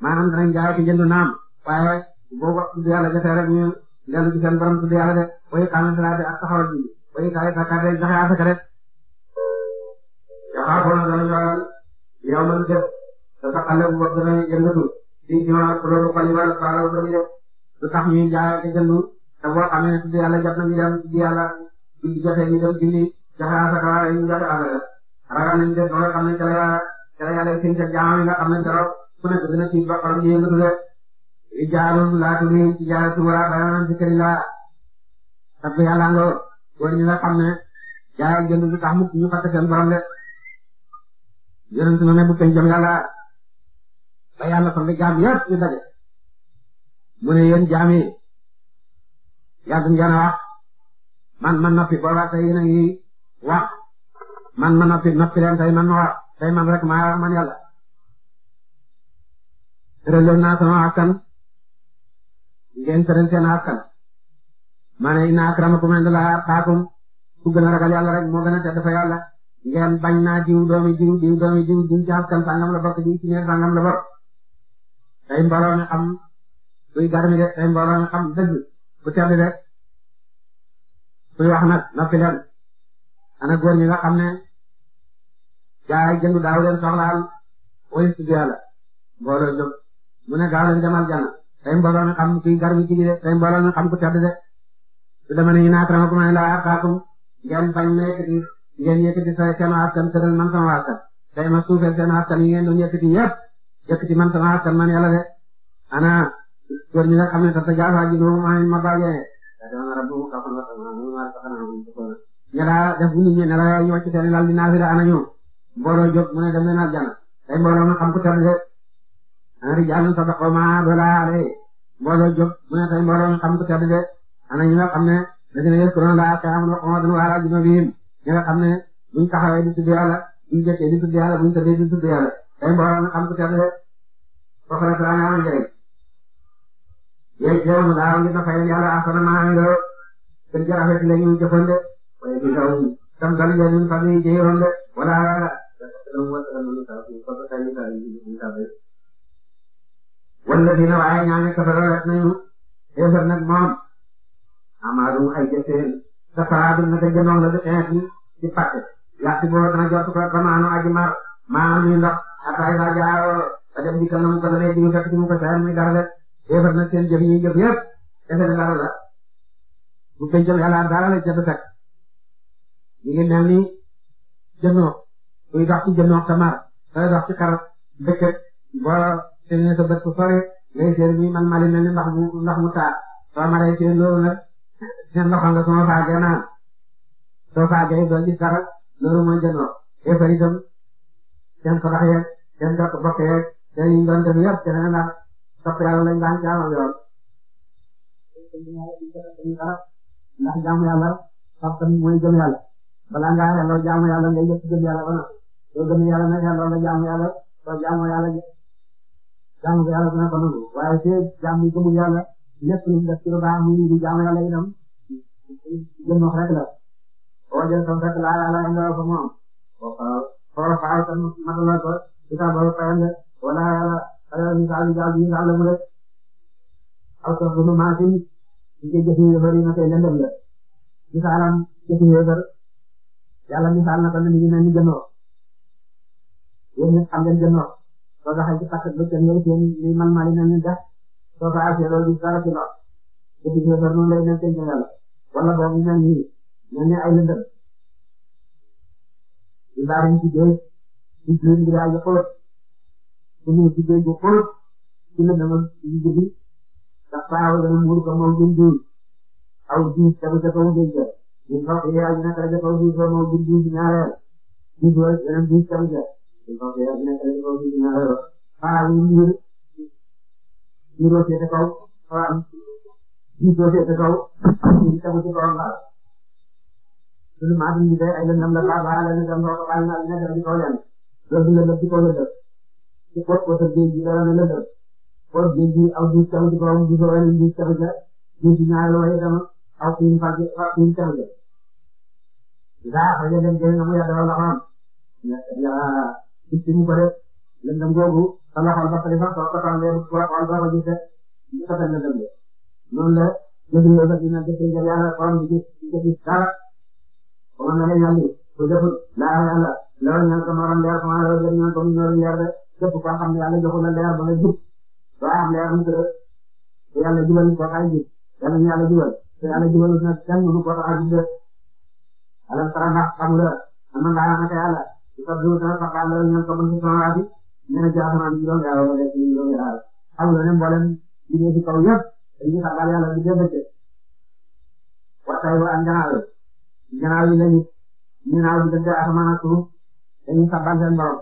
maanaam danañ jaay ki jëndu naam waaye boo ko tudd yàlla jotee rek ñu dellu ci seen borom tudd yàlla de way xaame salaati ak taxawal bi way kaay sakkaate joxe asaka rek yaxaafoona danañ man def te sa xale bu bëgg dana yëngatu fii ci ma kuréelu xaliba baaraw dëgg yëpp lu tax ñuy jaay ak jëndu te boo xamee ne tudd yàlla jot na ñu dem tudd yàlla du jotee ñu dem julli joxe asaka waaye ñu joxe asaka ragal nañu def loolu xam nañ ca la yàlla ca la yàlla fi nga jaam nga xam nañ ca la ku nekk dina ci ba xolam yëngatu de jaarul laatu bi ci jaaratu wala bayanaan ci këri laa tab yàlla ngoo wala ñi nga xam ne jaay ak jëndu du tax mukk ñu fàtte seen borom de yonent na ne bu pencam yàlla ba yàlla fa mi jaam yépp mu ne yéen jaam yi yàgg ngeen a wax man man noppi booba tey yéen a ngi wax man ma noppi noppi leen tey man ma wax tey man rek maa man yàlla tëral leen naa sama askan ngeen tëral seen askan maa ne inna akramakum indallaahi atqaakum ku gën a ragal yàlla rek moo gën a tedd fa yàlla ngeen bañ naa jiw doomi jiw jiw doomi jiw jiw ci askan sangam la la bokk day mbooloo mi xam kuy garmi de day mbooloo mi xam dëgg bu tedd de kuy wax nag noppi ana góor ñi nga xam ne jaay jëndu daaw leen soxlaal woy si yàlla mbooloo mu ne gaaw leen demal jana day mbooloo xam kuy garmi ci de day mbooloo mi xam ku tedd de su demee nii naata ma ko may laa yaakaatum ngeen bañ ma yëkkati ngeen yëkkati sa seen askan tëral man sama askan tey ma suufee seen askan yi ngeen doon yëkkati yëpp. jëkk ci man sama askan man yàlla de ana góor ñi ne sax sa ji moom maa ma bàyyee dama rabbu mu kàppal ma sama mu ma saxana mu ñu ko ña daa def ana ñu mbooloo mu ne dem leen aljana tey mbooloo ku tedd de ana rijaalun sadaqu maa ahadullah alayhi mbooloo jóg mu ne tey mbooloo ma ku tedd de ana ñu nga xam ne dañu ne yëkkëroon laa qiyaaman wa qu'uudan wa alaa junuubihim ñi nga xam ne buñ taxawee di tudd yàlla buñ jëkkee di tudd yàlla buñ tëddee di tudd yàlla dañu borom xam ku tedd ba pare daañu am njëriñ yéen jéem laaw ngir na fayal yàlla asana maa ngi doon gën ca rafet la ñuy jëfande waaye du taw tam dal ngeen ñun fan yii jéeyoon de wala wala. wala dina waaye ñaañu kafaroo rek nañu xeesal nag moom amaaru ay jëfeen dafa dund naka jëndoon la di xeex ci pàcc yàq boo dana jot ko kamaanu aji mar maa ngi ndox. ak xale ba jaaw ba dem di kanam ko demee mu ko caayal muy dara de na seen jëf yi jëf yëpp defe na dara la bu pencam yàlla dara la jëf fekk ñu ngi mel ni jënoo kuy dox ci jënoo tamar sooy dox ci xarat bëccëg boo seen sa bët fu sore ngay seen muy man mali mel ni ndax mu ndax mu taa soo maree seen loolu nag seen loxo nga suma faagee naan soo faagee doo gis dara loolu mooy jënoo defar itam seen sodax yeeg dem ba bokkee seen yi ñu doon def yëpp keneen ndax topp yàlla lañ daan jaamu yoon ndax jaamu yàlla sax tam mooy gëm yàlla balaa ngaa yàlla jaamu yàlla ngay jëf gëm yàlla ba na soo gëm yàlla nag yàlla nga jaamu yàlla soo jaamu yàlla jaamu ko yàlla dina ko nangu waaye fee jaamu gëmul yàlla lépp lu def ci lu baax muy di jaamu yàlla itam gëm wax rek la boo jël sam rek laa yàlla nga fa moom foo faaw tan matalal ko Isa ba fayam de wala aywa Isa bi jaal bi Isa la mu de aw sa lu maa fi ñu koy jëfee yëfër yi nga koy lëndëm la Isa la am jëfee yëfër yàlla misaal na ko ni ñu ne ni jëndoo yéen ñëpp xam ngeen jëndoo soo ko xayma sax ba ca ñëw seen li man maa leen ñu def soo ko aasee loolu du dara ci lool jëfee yëfër noonu lay nekk seen yàlla wala boobu ñu ne nii ñu ne ay lëndëm yu bari ñu ci dee. ci biir mbiraay yu xóot su ñu ci géej gu xóot ci la dama jubbi ndax faaw dana muur ko moom gën diir aw diis tamit ca kaw géej ga ñu ndox yaa dina kala ca kaw diis ba moom gën diis ñaareel diis ba yeneen diis tamit ca ñu ndox yaa dina kala ca kaw diis ñaareel faaw ñu mbir ñu roo ca kaw faaw diis roo ca kaw ñu tamu ca kaw mbaa sunu maatum bi day ay lëndam la baax baax la ne dem ndox baal na ne dem di kaw leen def lëndëm ci kaw lëndëm ci pot poteau géej gi dara ne lëndëm pot géej gi aw duus caw ci kawam duus waaye duus caw ca duus ñaareel waaye dama aw suñu fàgg aw suñu caw ca daa xëy na dem jëlee na mu yàlla dafa la xam yàlla itti mu ko def lëndëm googu sa la xool ba pare sax soo ko tàngee bu la xool ba ko gisee ñu ko fekk lëndëm la noonu la jënd yoo xam ne nag jënd yàlla xool di gis di gis dara xamal na la yàlla ko deful laa yàlla loolu ñu ngi ko mënoon leer sama loolu yëpp ñu ngi ko mënoon leer de képp koo xam ne yàlla joxu la leer ba nga jub doo am leer mu tëdd te yàlla jubal ko ay jub yàlla ñu yàlla jubal te yàlla jubalul nag kenn du ko tax a jub de alam tara ndax xam la am na laa naka yàlla di ko dugg sama papa loolu ñu ngi ko mën si sama waati ñu ne ci asamaan bi doon yàlla wala ci ñu doon yàlla xam la ne mboolem ñu ne ci kaw yëpp dañuy xabaar yàlla di dee bëccëg waxtaan wa ak janaaw yi janaaw yi lañu ñu naaw di dëgg asamaan ak suuf dañuy sabbal seen borom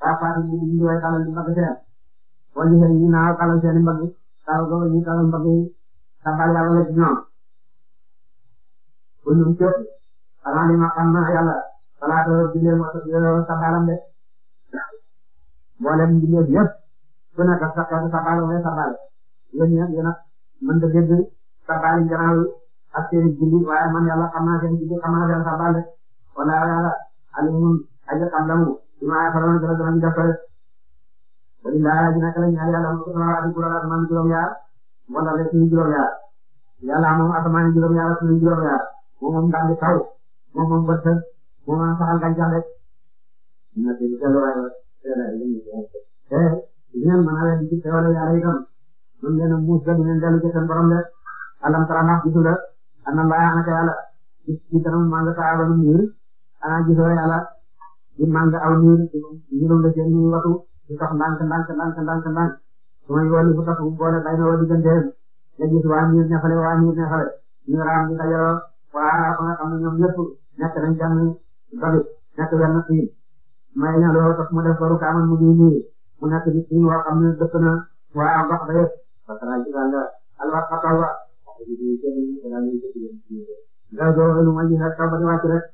daa faatu ñu ñu way talal di mbagg seen boo gisee ñu naaw talal seen mbagg talal ko ñu talal mbagg yi sabbal yàlla la ci ñoom kullum képp xanaa li ma xam na yàlla salaatoo di leen wasa yoo sabbalam de mboolem di leen yëpp ku nekk sa xeetu sabbal wala sabbal yéen ñëpp yéen a mën nga dégg sabbal yi gannaaw ak seen julli waaye man yàlla xam naa seen julli xam naa seen sabbal de wala yàlla alimun aja xam nangu bi ma yaafaroon dara dara ñu def rek wali laa ji nekk la ñaari yàlla am na ku la asamaan juróom-ñaar wala rek suñu juróom-ñaar yàlla moom asamaan juróom-ñaar ak suñu juróom-ñaar moom moom daal di taw moom moom bët sax moom moom saxal gàncax rek. ñu nekk ci seen waay te ngeen mën a leen ci teewale yàlla itam mën ngeen a muus rek ngeen dellu ci seen borom rek alam tara ndax gisul la anam laa yaakaar yàlla ci ci kanam maa nga taxawal ñu ana gisoo yàlla di màgg aw niir mbirum la seen ñuy watu di tax ndànk ndànk ndànk ndànk ndànk mooy wàllu bu tax boole bay na wàllu gënteem nga gis waa niir ne xale waa niir ne xale ñu raam di dajaloo waa nga xam ne ñoom ñëpp nekk nañ jàmm dobi nekk benn xiin may na loo tax mu def baru kaaman mu nii nii mu nekk di xiin woo xam ne dëkk na waa ndox ba yëpp fasaraa gis nga alwat xataw ba nga joolu ma gis ak taw ba di wàcc rek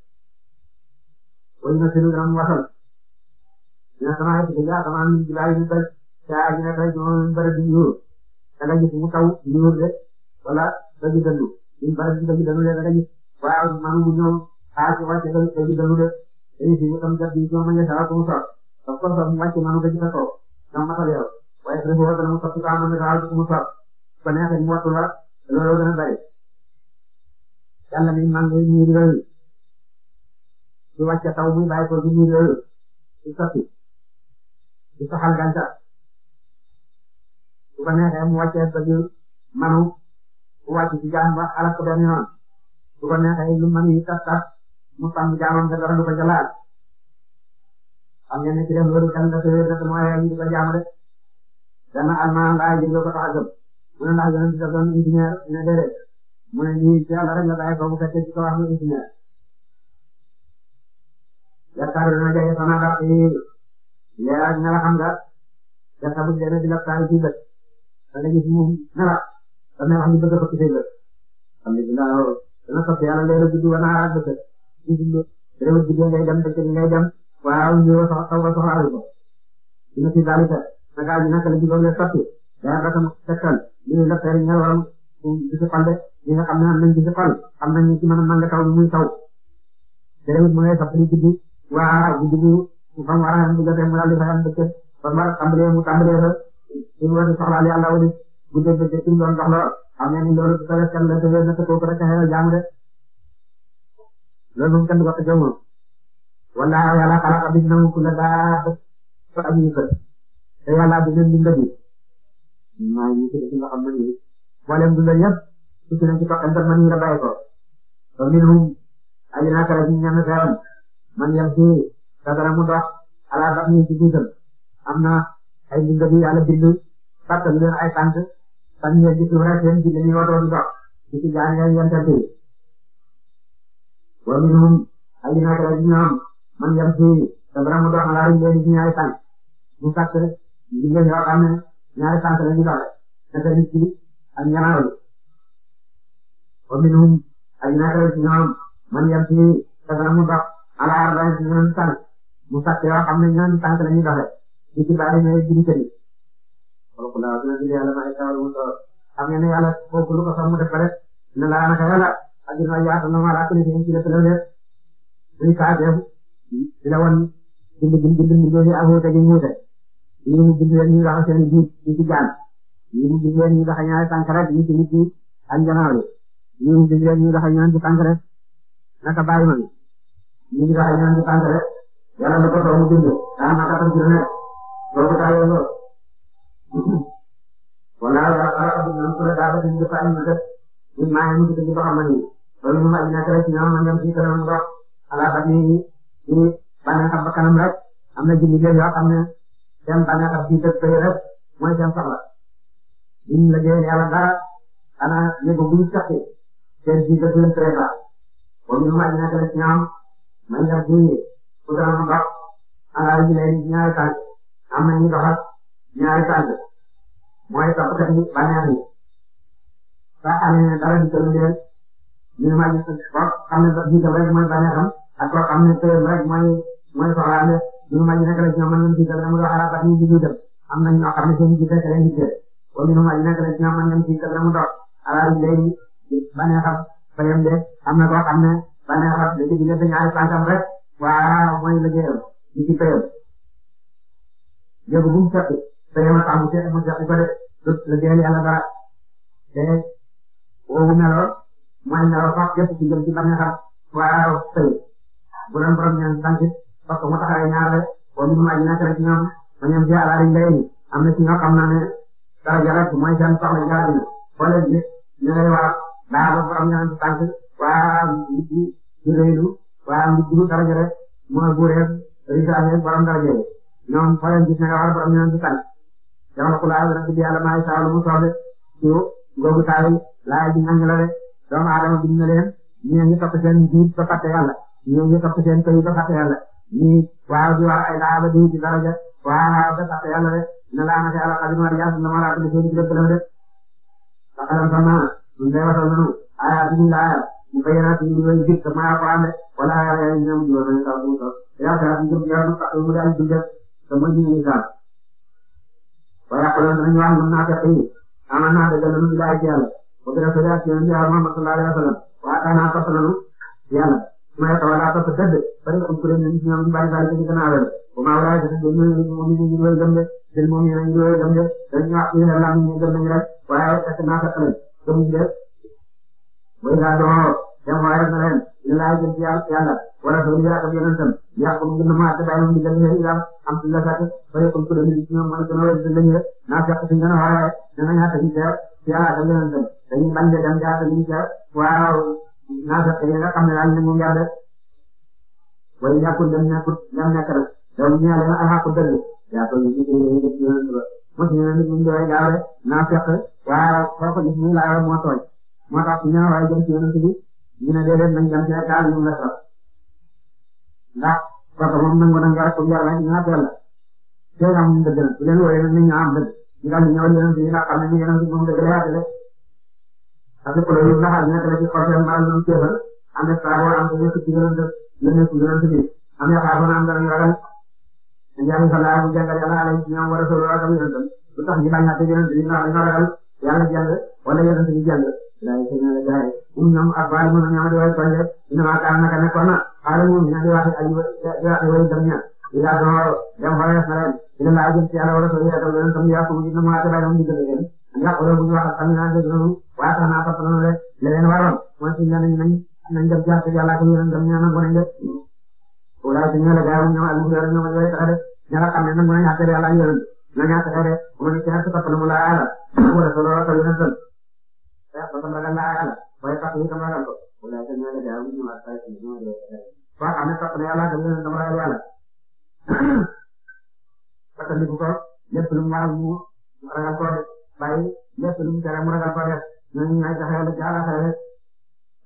wëñ na seen gàmm wasal dina sama ay dëgg yàlla damaa nuyu jiwaay ñu bëri saa yi nekk rek ñu bëri di ñëw da nga gis mu taw ñu ñëw de wala dañu dëndu ñu bëri di dañu dëndu de da nga gis waaw man mu ñëw ah ci wàcc dañu dëndu de dañu si ñu am jot di ñoom ñu dara ko mu soxla ba ko soxla mu wàcc man dañu ko soxla ñoom matal yow waaye su ko dana mu soxla ko am na dara ko mu soxla ba neexee mu wattu la loolu dana bëri yàlla ni man ngay ñuy di wàcce taw muy bàyyi ko di réew di sotti di saxal gàncax bu ko neexee mu wàccee ba ñu manu wàcc ci jaam ba alal ko benn yoon bu ko neexee lu manu yi tas tas mu sàmm jaamam te dara du ko ca laal xam ngeen ne ci def loolu kan dafa wér dafa mooy ñu di ko jaamu de dana almaan laa jël ko tax a gëm mu ne ndax yonent dafa doon ingénieur ne déedéet mu ne ñii ci yàlla rek la bàyyi ko bu fekkee ci ko wax nga ingénieur yaakaar dana jege sama baax yi leeral nga la xam nga dafa bëgg dana di la taal ci bët da nga gis moom nara da ngay wax ni bëgg a fëkk say bët xam nga dina dana soppi yàlla leeral guddi wala naaraat bët ci guddi réew guddi ngay dem dëkk ngay dem waaw ñu wax sax taw ba soxlaawu ko dina fi daal di sa gaal gi naka la jugoon la soppi leer ba sama tegtal lii la teel ña waroon di si xol de ñi nga xam ne am nañ di si xol xam nañ ci mën a mën nga taw muy taw te réew mi ngay soppi guddi waa guddi gi fan war a yem bu jotee mu daal di fa yem bëccëg fan war a tàmbalee mu tàmbalee fa ci wàllu soxlaal yàlla wala guddeeg bëccëg ci mu doon doxaloo xam ngeen loolu du ko def kenn la te wér na te kooku rek a xëyal jaamu de loolu moom kenn du ko fa jëmul wala mu kula daa fa am yi fa te yàlla bi leen dund bi ne nii mboolem dundal yëpp su ci leen ci toqantal man yi la bàyyi ko. fa minhum ajinaa kala ji ñeme feeram man yam ci mu dox ala daf ni ci diisam am na ay bindal yu yàlla bind fàttali leen ay tànk fan ngeen dox ci ci jaar ngeen yental ci wa minhum ay naka la ñoom man yam ci mu dox ala leen ci ñaari tànk mu fàtt li ngeen yoo xam ne ñaari tànk ay naka la ñoom mu dox ala arba'i ci ñoom tànk mu sàkk yoo xam ne ñoom tànk la ñuy doxe ci ci bari ñooy jëm kër yi kooku laa dina jël yàlla may taw lu soo xam nga ne yàlla kooku lu ko xam mu def ko rek dina laa naka yàlla ak dina yaatu na ma laa ko nekk ci la tëral rek duñ kaa def di la wan bind bind bind mu jëli ak wuute gi wuute ñi mu bind leen ñu dox seen jiit ñu ci jaan ñi mu bind leen ñu dox ñaari tànk rek ñu ci nit ñi ak janaaw yi ñi mu bind leen ñu dox ñaari tànk rek naka bàyyi ma ñu ngi tax ñaan ci tànk rek yàlla na ko doon mu bind daan na kattan ci lu nekk loolu taayoo lool wallaahi yàlla xalaatu ñoom su la daa bëgg ñu def ay ñu def ñun maa ngi ñu def ba xam nañu loolu ñu may nekk rek ñoom ñoom ci kanam mu dox ala ba ni ni bànneex ba kanam rek am na jiwu yooyu yoo xam ne seen bànneex bi dëkk tey rek mooy seen soxla ñun la jëlee yàlla dara xanaa léegi bu ñu fexe seen ji dëkk leen très bas loolu ñu may nekk rek ñoom. man yàgg nii su daan baax ala ji lay ñaari tànk am na ñu doxal ñaari tànk mooy toppatoo yi bànneex yi saa amee ne dara di tënk leen ñu ma gis koo xam ne di tëb rek mooy bànneexam ak koo xam ne tëb rek mooy mooy soxlaam ne ñu ma gis nekk rek ñoom mën nañu ci tëb rek mu dox ala ba ñu ci dem am na ñoo xam ne seen ji fekk leen di tëb kon ñu ma gis nekk rek ñoom mën nañu ci tëb rek mu dox ala ji lay bànneexam fayam de am na koo xam ne bànneex ak li ci diggante ñaari tànkam rek waaw mooy liggéeyam li ci payam yóbbu bu mu seqi payam la tàmbu see mu seqi ko de du liggéeyal yàlla dara te woowu meloo mooy meloo sax yëpp ci jëm ci bànneexam waaw pay bu doon borom ñaan tànk parce que mu taxawee ñaar wa minhum ay nekk rek ñoom ma ñoom ci àlaa riñ lay am na ci ñoo xam na ne dara ja rek mooy seen soxla jaadina boo daa ba borom ñaari tànk waa nit ñi ñu rëylu waa nit ñi daraja rek mooy buureef rijaale borom daraja yi ñoom foo leen gis ne nga war a borom ñaari tànk yow nag ku laay dana ci yàlla maay saa lu mu soobee suuf googu saa yi laay ji ñañ la rek doomu aadama biñ ne leen ñii ngi topp seen njiit ba fàtte yàlla ñii ngi topp seen këy ba fàtte yàlla ñii waaw di wax ay laa ba di ci daraja waaw ba fàtte yàlla rek ne laa naka yàlla xam ne war yàlla na ma laata di seen dëkk la rek. ñu ngi lay waxal loolu ayaat yi ñu la ayaat mu fay yéen a tudd yooyu gis sama alxuraan de wala ayaat yaa ngi ñëw jiw nañu sax mu tos yaakaar naa ne yow sax mu daal di def sama ji ñu sax waaye après danañu wax mën naa fexe yi amal naa dëgg lu ñu laaj ci yàlla bu dee sa yaay ci yéen yàlla moom sallallahu alayhi wa sallam waaye xanaa tos nañu yàlla su ma yàlla wala tos dëgg bari na ku leen ñu ci ñoom ñu bàyyi bàyyi ci gannaaw la bu ma walaay def ñu ñu ñu ñu ñu gëm de jël moom ñu ñu gëm de dañu wax ñu ne laa ñu gëm nañu rek waaye fekk naa fexe te mu des way daal di xool dem waaye na leen ñu laay jëm ci yàlla wala soo jëlee ak yeneen tam yaa ko mu gën a mën a te bàyyi mu ngi leen di am am ci la sax ba yokku ko dañuy ci ñoom mën a gën a wér di lañu naa fekk suñu gën a xoolee dana ñaata ñu teew ci yàlla ak yeneen tam dañuy bañ de dem jaata ñu teew waaw naa fekk yi nga xam ne daal ñu ngi yàlla way ñàkkul dem ñàkkul dem nekk rek donc ñu yàlla alxaqu dëgg yaa ko ñu ci ñu ngi ci yeneen tam mosu ñu ne ñu ngi doy gaaw naa fekk waaw kooku gis ñu la moo tooñ moo tax ñu ne waaye jëm ci yonent bi ñu ne déedéet nañ jëm ci gaal yu mu la sax ndax kooku moom nangu na nga rek ko jar la ñu naat yàlla tey na mu dëgg la bu leen wooyee nag ñu am dëgg ñu daal di ñëw yonent bi nga xam ne ñu yonent bi moom dëgg la yaatu la parce que loolu la xam nekk la ci xol seen maal lu teewal am na saa wala am na ñëpp ci yonent la nekk yonent bi am na xaar na am dara ñu ragal ñu jàng sa laaj mu jàngal yàlla alayhi ñoom war a solo ak yonent lu tax ñu bañ a tëj yonent bi ndax dañoo ragal yàlla jàng wala yonent bi jàng lay señala gaay um ñoom ak baal mën ñama di way balle ina ma kaan naka nekkoon na xaaral ñoom ña di wax ay di wax way dem ña ila do dem xoye xaren ila laa jëm ci yàlla wala soo yeetal leen tam yaa ko mu dina ma te bay am digal leen nga wala bu ñu wax xam naa dégg noonu waa tax naa fàttali rek la leen waroon mooy suñu ñaan nañ nañ dem jaar ci yàlla ko yonent dem ñaan ngoon de wala suñu la gaay ñoom al mu yar ñoom way taxale ñala xam ne nag mën a ñàkkal yàlla ak yonent na ñaata xeere mu ne ca topp na mu la ala wala solo la ko yonentam ya ko tam ragal la ala waaye tax ñu tam ragal ko wala tan ñale jaamu ñu ma tay ñu ma do fa amé tax na ala tan ñu tam ragal ala tax ni ko lépp lu ma mu ragal ko bàyyi lépp lu mu tere mu ragal ko def ñu ñay tax ala jaala xeere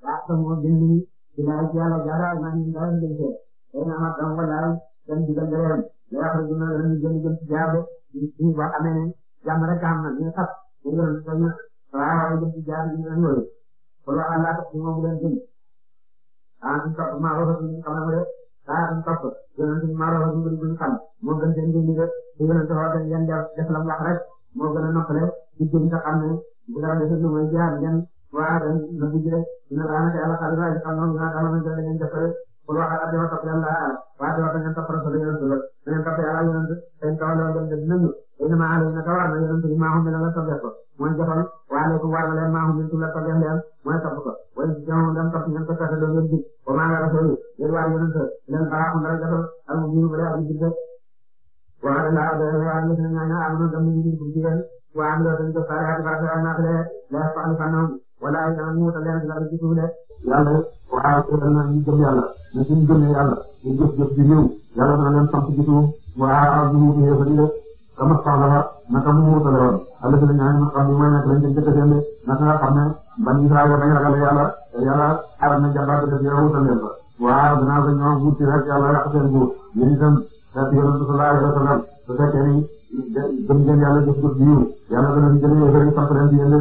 ya tam mo dindi dina ci ala jaala na ñu daan dindi ko ena ma tam wala tan digal leen ya xarjuna ñu jëm jëm ci jaabo ñu ñu ba amee jàmm rek am na ñu xat ñu ngi leen di soññ waaw ñu ngi jaar ñu ngi leen wër kon waxal laa tax ñu moom leen gën ah ñu topp maa rafet ñu xam ne ah ñu topp yonent bi maa rafet ñu gën xam moo gën seen gën ñu def su yonent wax dañ leen jar def la wax rek moo gën a noppale ci gën nga xam ne bu dara defee lu may jaar ngeen waaw dañ na bu jëlee dina daanaka yàlla xam ne waaye xam nga mu naan xam nga mu ngi leen defal pour wax a dafa topp yàlla waaye dafa ngeen topp rasul yonent la da ngeen topp yàlla yonent dañ tawaloo dem dem nañu ina ma alay naka war na yonent bi maaxum bi la nga toppee ko mooy jafal waale ko war na leen maaxum bi tu la toppee leen mooy topp ko way jamu dem topp ngeen ko toppee doo ngeen jig ba maa nga rasul yi yéen waa yonent leen baaxum dara jafal al mu ñu bëre aji jidde waxale laa da waa ngeen ñaana am na dem ñu jig bu jigéen waa am la dañ ko saare ak baraka naa fi lee lee faxli fanam wala yàlla ñu wutal leen yàlla ci suuf de yàlla waaw xëy na ñu gëm yàlla ñu suñ gëmee yàlla ñu jëf jëf ji ñëw yàlla na leen sant ci suuf waaw ñu wutu yéefar yi de kama saxlaxa naka mu wutale woon àll bi la ñu naan ma xam ne mooy nekk lañ ca jëkk seen de naka nga xam ne ban Israaël dañ ragale yàlla te yàlla xaral na jàmbaar def yàlla wutal leen fa waaw dinaa ko ñëw wuti rek yàlla yàq seen nguur yéen itam xeet yonent sallallahu alayhi wa sallam su fekkee ni gëm ngeen yàlla jëf jëf ji ñëw yàlla dana ñu jëlee yéefar yi sant leen ci yéen de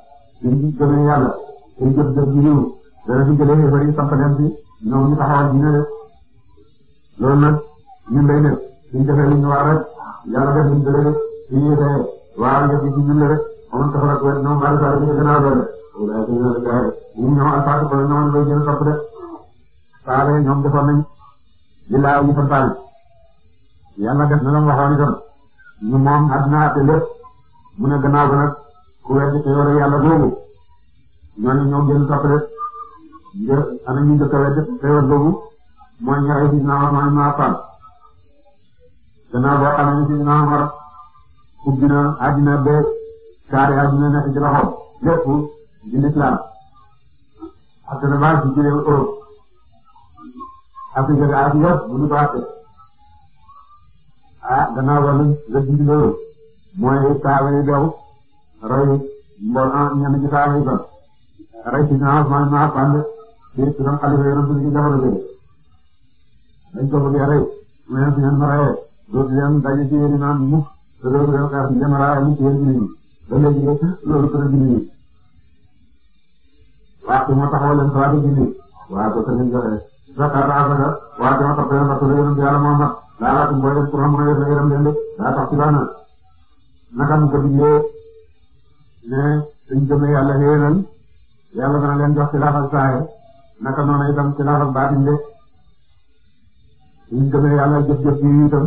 ci ñi gëmee yàlla te jëf-jëf ji ñëw dana fi jëlee xeefar yi samp leen fi ñoom ñu taxawal diine de loolu nag ñun ñu war rek yàlla def luñ jëlee suñuy xeex waaw nga fi ci ñun rek amul taxawal ak wet ñoom Aliou Sall ñu ngi gën a doole. walaay suñu la jaayee ñun ñoom Alphage kon ñoom ñooy jël samp de Saare ñoom defoon nañ li laa ñu santaane yàlla def na la mu waxoon itam ñu moom àddina àtte lépp mu ne gannaaw ba nag. ku wedd teyoore yàlla boobu ñooñu ñoo gën toppale nga ana ñu njëkk a wedd teyoor boobu mooy ñu rey Sidna Usmaan ibn Affaan gannaaw boo xam ne Sidna Umar ubbi na àddina ba kaare àddina nekk ci loxoom lépp di lislaam ak na baa ci jëlee Europe Afrique ak Asie bu ñu baaxee ah gannaaw wàllu la jiitu loolu mooy kaaba yi daw roy mbooloo ñenn ah, ci saa yi ba rey ci maa maa fànn ci ci doon xalifa yoon bi ñu jamono jëlee dañ ko bëggee rey mu yem si ñoom ñu reyee dootu leen daje ci yéen naan mukk te dootu leen xeex jëm raaya mu ci yéen nit ñi ba léegi loolu tëra bi nit ñi waxtu moo taxaw leen salaatu ko tamit joxe zakat na naka mu ne suñ gëmee yàlla xéewal yàlla dana leen jox xilaaf ak saaye naka noonu itam xilaaf ak baatin de suñ yàlla jëf-jëf yi itam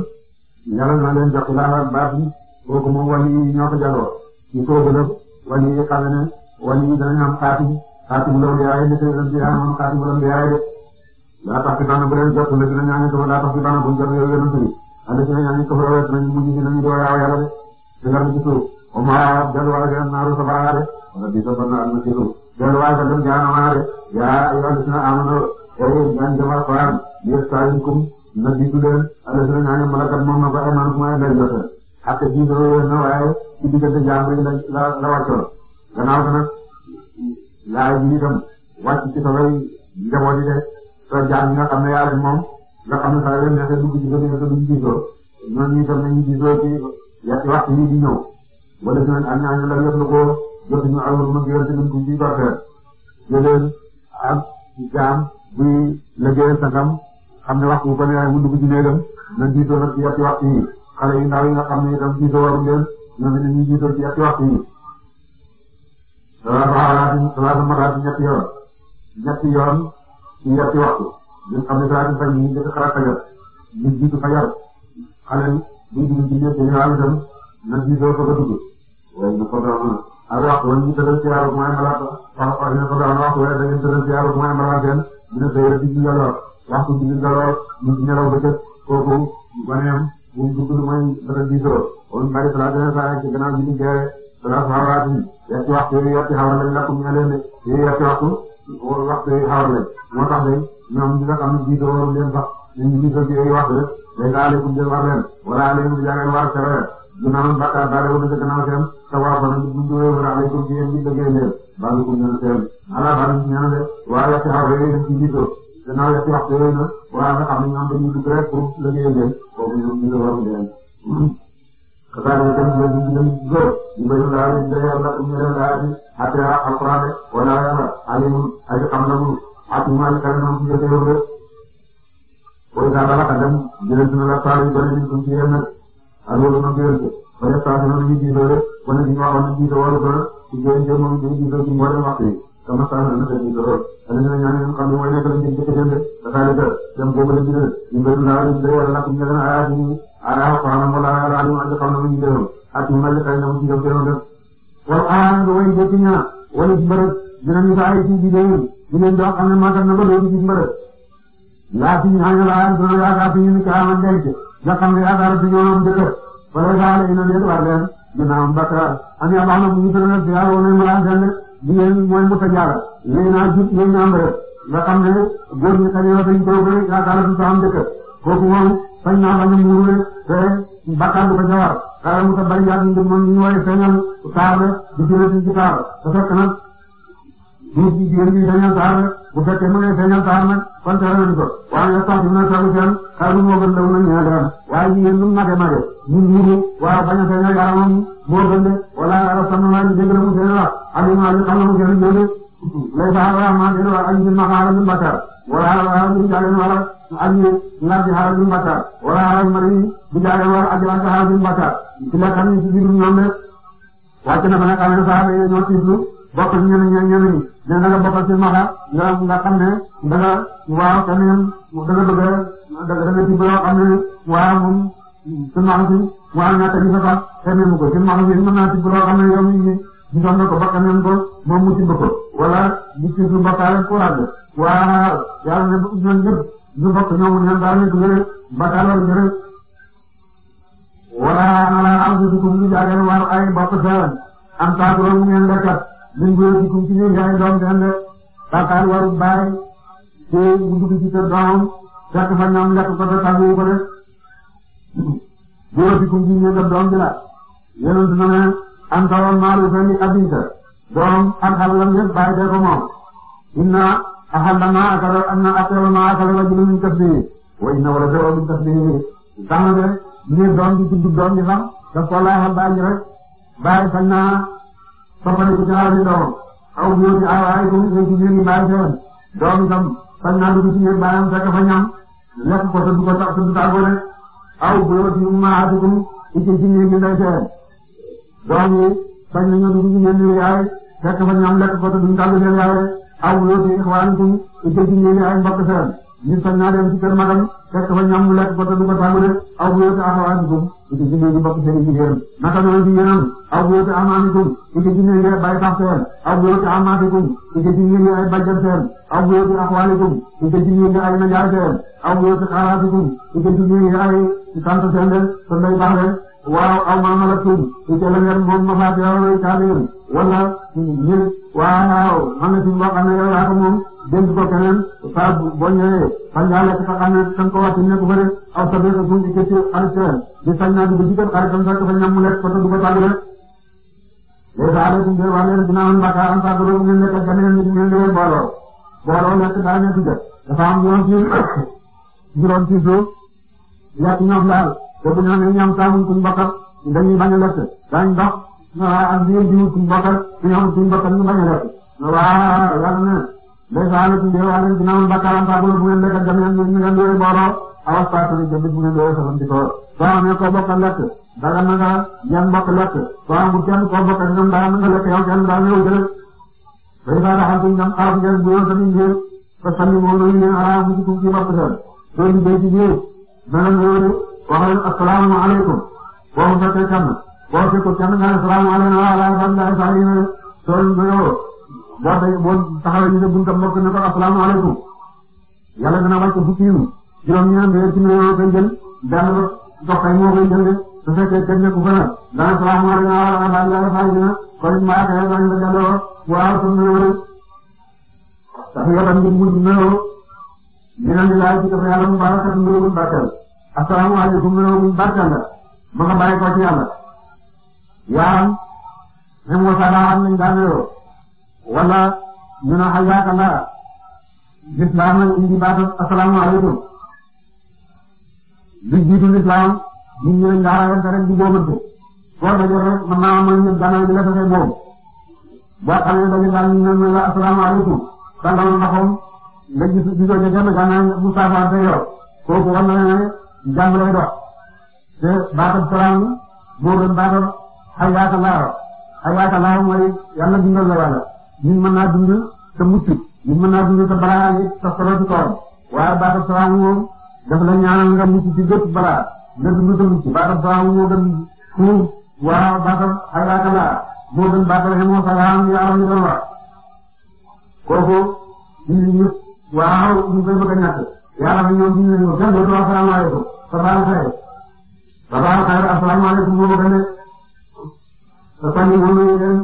yàlla dana leen jox xilaaf ak baatin kooku moom wàll yi ñoo ko jaloo ci kooku la wàll yi xam ne wàll yi danañ am xaatim xaatim loolu yaay li koy doon ci yaay de laa tax ci bu leen jot la dina ñaani ko laa tax ci bana bu jot yow yonent bi de te la suuf Omar delluwaay ga naaru sabaa de wala bii dafa naan na ci lu delluwaay ga dem jaanamaa de yaa ayyuhal ladina amanu ay gan jamaa Qur'an yasta'inkum na diitu leen na ko ay man mooy lay joxe ak ji doo yéen na waaye la la wàccoon gannaaw ga nag laay bi itam wàcc ci sabay njaboot yi de sa jaam yi nga xam ne yaa leen moom nga xam ne saa yoo neexee dugg ci gën a dugg ci diisoo ñooñu itam nañu diisoo ci waxtu yi wala tamit ak ñaañu la yëpp lu ko jotuñu awul mu jël tamit bu ñuy barkeel jëleen ak jaam buy liggéeyal sangam xam ne waxtu bu ko neexee mu dugg ci néegam na jiitoo nag waxtu yi xale yu ndaw yi xam ne itam jiitoo warul leen ñoom itam ñu jiitoo ci yetti waxtu yi salaatu salaatu maraati ñetti yoon ñetti yoon waxtu ñu xam ne salaatu sax yi njëkk xalaat fajar ñu jiitu fajar xale buy dugg ci néeg dañu am itam na jiitoo ko dugg waaye du ko doon ak wax wala ñu tëral ci yàlla mooy mbalaat ba wax dina ko doon wax wala da ngeen tëral ci yàlla mooy mbalaat seen dina sëy rek di njaloor waxtu bi di njaloor ñu ci nelaw ba jëkk kooku goneem bu mu dugg mooy dara diisoo wala bari salaa dina saa yàgg gannaaw bi ñu gëree salaa xawraat yi yetti waxtu yi yetti xawra lañ lakkum ña leen de yi yetti waxtu waxtu yi xawra lañ moo tax de ñoom ñi nga xam ne diisoo waru leen sax ñu diisoo ci ay waxtu rek day daaleekum jël war leen wala leen di jàngal war sere du naan bakkaar daale wala sa gannaaw seen sawaaban bu ñëwee ba aleykum ci yéen ñi dëggee leen balikum ñaan seen ala balikum ñaan de waa yàq xaw yooyu nag ci jiitoo danaa yàq wax yooyu nag waa nga xam ne ñoom dañuy dugg rek pour lëggee leen kooku ñoom ñu la war leen kasaare tam ñu ngi leen di góor ñu bëri laa leen di yàlla ñu leen laa di àtte alxuraan wala yàlla alimul aji xam na mu ak ñu mën a kàlla ñoom ci jotee yow de. wala daal la la ka dem jëlee suñu la saa yu bëri ñu ngi ci yéen nag ak loolu nag yéen wala saa na lu ñu jiitoo rek wala li nga xam ne jiitoo waru ko ci jëriñ jëriñ moom ñu jiitoo ci mboolem waxtu yi sama saa na la jiitoo lool. wala ñu ne ñooñu xam ne mooy nekk lañ jëm ci kër de dafa nekk dem boobu lañ jëlee ñu bëri lu laaw lañ jëlee wala nag ñu ne leen ayaa ci ayaa ko xam wala ayaa laaj ma ci xam na lu ñu jëloon ak ñu mel kay na mu ci jëm jëloon rek. wala ayaa nga way jëkk ñaa wala ci mbërëb dinañu saa yi ci jiitoo yi ñu leen doo xam ne maatam na ba loolu ci mbërëb laa fi ñu xañ laa dina laa fi ñu ni kaa man denc nga xam ne yaakaar si ñoom dëkk wala sax la inondé war leen ginnaaw Bakra am na baax na bu ñu tëral di waaw wane mu laaj leen jigéen mooy mutta jaara yéen naa jub yéen naa mbërëb nga xam ne góor ñi kañ la fañ ko bëri yaakaar du am dëkk kooku moom fañ naa bañ a muurule te bakkaar du ko ca war xaaral mu taar la du ñu ci jigéen bi feeñal taar la bu fekkee ma ngay feeñal taar nag kon tere nañ ko waaye nga tax na sabu seen xaru moo gën law na ñaagaam waaye jigéen lu mage mage ñu ñuru waaw bañ a feeñal yaramam moo gën de wala ara sama waa ji dégg na mu seen wax am na ñu xam na mu jële lay faa waa maa ma xaaral ñu bakkaar wala waa ñu jaaleen wala añu ngar di xaaral ñu bakkaar wala waa mari bu jaaleen wala añu ngar di xaaral ñu bakkaar ci la xam ci biir ñoom rek wàcc na ba nga xam ne saaba yi bokkul ñenn ñenn ñenn mais danga bokkal seen maxa nga nga xam ne danga waaw kenn yéen danga bëgg a danga ci loo xam ne waaw moom seen si waaw ñaata gi fa kenn yéen ko seen maxa si mën naa ci loo xam ne yow mii gisoon na ko ba kenn yéen ko moom mu ci bëgg wala bu ci su bokkaale ko rajo waaw yàlla ne ñoom ñëpp ñu bokk ñoom ñoom daal ñu dugalee bakkaaloo jëre wala ala arjulikum ñu jaagee war ay bokk ñun ñoo ci kum ci ñun yaa ngi doon benn bàkkaar waru baay te mu dugg ci kër doomam fekk fa ñoom lekk ko te tàggu ko de ñoo ci kum ci ñun def doom bi la yéen dina ne am tawam maalu fa ni abinta doom ak xalalam yëpp baay de ko moom inna axallama akala am na akallama akala rajulun min kasbihi wa inna waladahu min kasbihi tax na de ñu doom bi ci dugg doom bi sax daf ko laay xam baay rek baay fañ naa soxna yi ci xarala ñu doon aw góor ñi awa ay góor ñi jigéen ñi bàyyi seen doom itam sañ naa dugg ci biir bàyyam fekk fa ñam lekk ko te du ko tax te du tàggoo de aw góor ñi ummahatikum ci jigéen ñi lay seen doom yi sañ nañu dugg ci biir biir yaay fekk fa ñam lekk ko te duñ tàggoo seen yaay aw góor ñi ixwaanikum ci jigéen ñi ay mbokk seen ñun sax naa dem ci kër magam fekk fa ñam mu lekk ba te du ko tàmm de aw bu yóote axawaanikum iti jigéen ñi bokk seen i jigéen naka noonu jigéenam aw bu yóote amaanikum iti jigéen ñi ay bay tax seen aw bu yóote amaatikum iti jigéen ñi ay bajjan seen aw bu yóote axwaanikum iti jigéen ñi ay najaay seen aw bu yóote xaalaatikum iti jigéen ñi ay sant seen de te lay baax de waaw aw ma malakum iti la ngeen moom ma faati aw lay kaaliin wala ñun waaw am na ci loo xam ne yow yaa ko moom denc ko keneen saa boo ñëwee fan yàlla ci fa xam ne ko wàcc nekk fa de aw sa bëgg suñ ci kër ci xarit di sañ naa dugg ci kër xaritam sax dafa ñam mu lekk du ko tàggu rek léegi daal de suñu kër waa léegi dina am mbàkkaar am tàggu rek ñu nekk ak keneen ñu ñu leen booloo booloo nekk daa nekk jot dafa am yoon ci juróom ci suuf yàq ñoom daal te bu ñu amee ñam saamuñ suñu mbokk dañuy bañ a lekk daañu dox waaw ak ñoom di wut si mbokkal ñoom si mbokkal ñu bañ a lekk waaw yàlla na les gens la ci ñëw wax nañ ci naan bakkaaram saa bu ngeen lekk ak jamono ñu ngeen doyee booloo awas paatu ni jënd bu ngeen doyee soxna di ko soo amee koo bokk lekk dara na nga ñeent bokk lekk soo amul kenn koo bokk ñoom dara na nga lekk yow kenn dara ñëw jëlee day faa taxaw ci ñoom xaar ngeen bu yoon tamit ngeen te sànni moom la ñu leen xaraa mu ci tuuti bopp seen soo ñu béy ci ñëw dana ñëw de wax leen asalaamaaleykum boo ko fekkee kenn boo seetlu kenn nga ne salaamaaleykum wa rahmatulah saa yi ne soo nuyoo boo dee boo taxawee ñu ne bunta mbokk ne ko asalaamaaleykum yàlla dana wàcc fukki yu juróom-ñeent yëpp ci nuyoo koy jël benn dox kay moo koy jël de su fekkee kenn ku bëri nga ne salaamaaleykum wa rahmatulah saa yi ne kon maa koy waxee nga jëndoo waaw su nuyoo rek dafa yoroon ngir mujj nuyoo ñu ne laaj ci dafa yàlla mu baax a kat mbir mi barkeel asalaamaaleykum nuyoo mu barkeel la ma ko bàyyi ko ci yàlla. yaram ne Moussa Daram lañ daan réew wala ñu ne hayyaaka laa lislaam lislaam nit ñi lañ daan rayante di boobante soo dajee rek man maa mooy di la fexe boobu boo xamee daje daal di ko jege nag daanaka bu saafaraante yow na ne jàmm lay dox te baatu salaam moo gën xayaata laaw xayaata laaw mooy yàlla dundal la yàlla nit mën naa dund te mucc nit naa dund te balaa ngi toftaloo ci kawam waaye baatab la ñaanal nga ci bépp balaa nga dund te mucc baatab moo gën fuuf waaw baatab xayaata salaam yàlla ñu doon wax kooku ñun ñëpp waaw ñu koy a ñàkk yàlla na ñoom ñu ne ñu kenn dootu asalaamaaleykum sabaaru xayr sabaaru xayr asalaamaaleykum moo bëgg a ne te kon ñu wóolu leen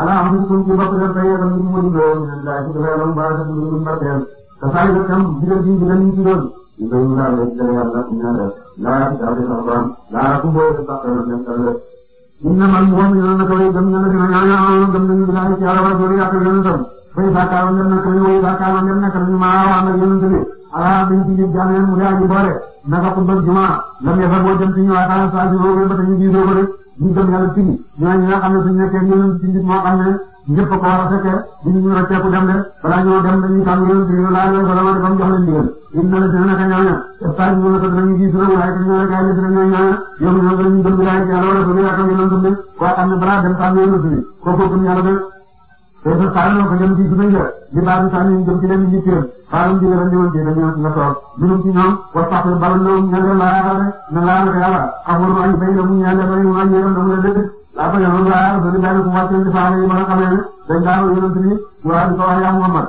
alhamdulilah ci bopp def tey yàlla mu wóolu leen ñu daal ci dafay doon baal def lu mu barkeel te saa yu def tam digal bi digal ñu ci doon ñu koy ñu daal rek dara yàlla ñu ñaan rek laa ci daal di sax doon laa ku booy def sax dara def dara rek ñu ne man moom ñu ne ko way gëm ñu ne dina ñaan ñaan gëm nañu dina ci yàlla wala yàlla ak yéen tam fay bakkaaroon dem na kañu way bakkaaroon dem na kañu maa waa na yéen tamit ala dañ ci jëm jàng leen mu yaa ji boole naka ko bëgg jumaa lam yafa boo dem ci ñu waa xalaat saa ji boobu ba tañu jiitoo ko rek ñu gëm yàlla tigi ñooñu nga xam ne suñu nekkee ñoom ci nit moo xam ne ñëpp ko war a fekkee ñu ñu rocceeku dem de balaa ñoo dem dañuy tàmm yéen di laaj leen solo ma dafa jox leen ndigal in na la dina naka ñooñu espace ñu ne ko dinañu gis rek waaye dañu rek ay nit rek ñooy ñooñu ñoom ñoo gën ñu gëm bi laaj yàlla wala suñu yaakaar ñu leen gëm de koo xam ne balaa dem tàmm yéen la suñu kooku gëm yàlla de léegi faram ko jëm ci dinañ jël li baax na sax ñu jëm ci leen ñu ci leen faram ji la ñu woon ci la ñu woon ci la tool ñu ngi ci ñoom wax sax baram na ñu leen laa na laa na yàlla amul ay bay la mu ñu yàlla bay ma yéram dama la dëgg laa fa yoon laa do ni daal ko wàcce ci faara yi ma xamee ne dañ daa yéram ci ni wa di ko wax yaa Muhammad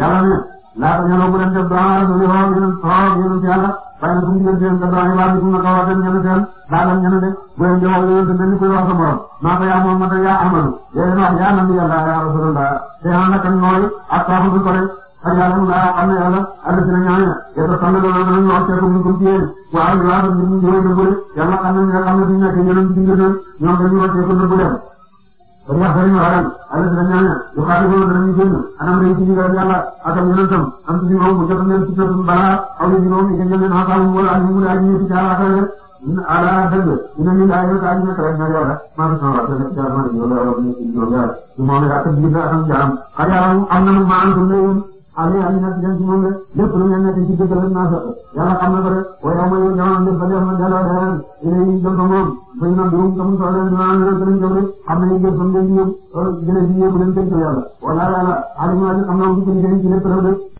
yàlla ne laa fa yoon bu leen def daa do ni wax yéram toog yéram ci yàlla waaye nag bu ñu leen di leen xibaar yi bu ñu la ko waxee ñu ne seen laajal ñu ne de bu leen di wax yooyu te dañu koy wax sa borom maa ko yaa moom ma tey yaa Amadu yéen wax yaa nabi yàlla yaa Rasulullah te yaa naka nooy ak taaxu bi ko rek ak yàlla mu laa xam ne yàlla àll si la ñaane ya te xam ne loolu danañ wax ceeb ñu ko jiyee waaw ñu laa xam ne ñu ngi yooyu dëgg yàlla xam ne ñu nga xam ne duñ nekk ñeneen ci diggante ñoom dañuy wax ceeb dëgg dem bari wax bari ma xaram ala dina ñaan yu xaati ko dinañu génn anam rey ci ndigal yàlla ak am yonentam am ci juróom mu jot leen ci sottum balaa aw yu juróom yi dañu leen xasaam wala ak ñu mu laaj ñu ci jaara xel rek ñu ala dëgg dina ñu laaj rek ak ñu xel na yàlla ma fi sama wax rek jaar ma ñu wala wala ñu ci juróom yàlla ci moom rek ak bi nga xam jaam xariyaam am na ma antum leen Aliou Aliouna si leen si moom la lépp lu ngeen nekk ci biir kër naa soxla yàlla xam na ko de waaye yow mooy jamono def ba def na delloo delloo yéen jëm ko moom fay na buum comme soo leen dinaa leen a xam nañu jëm comme dañ ci yëpp jëlee ci yëpp leen tënk yàlla wala yàlla Aliouna xam naa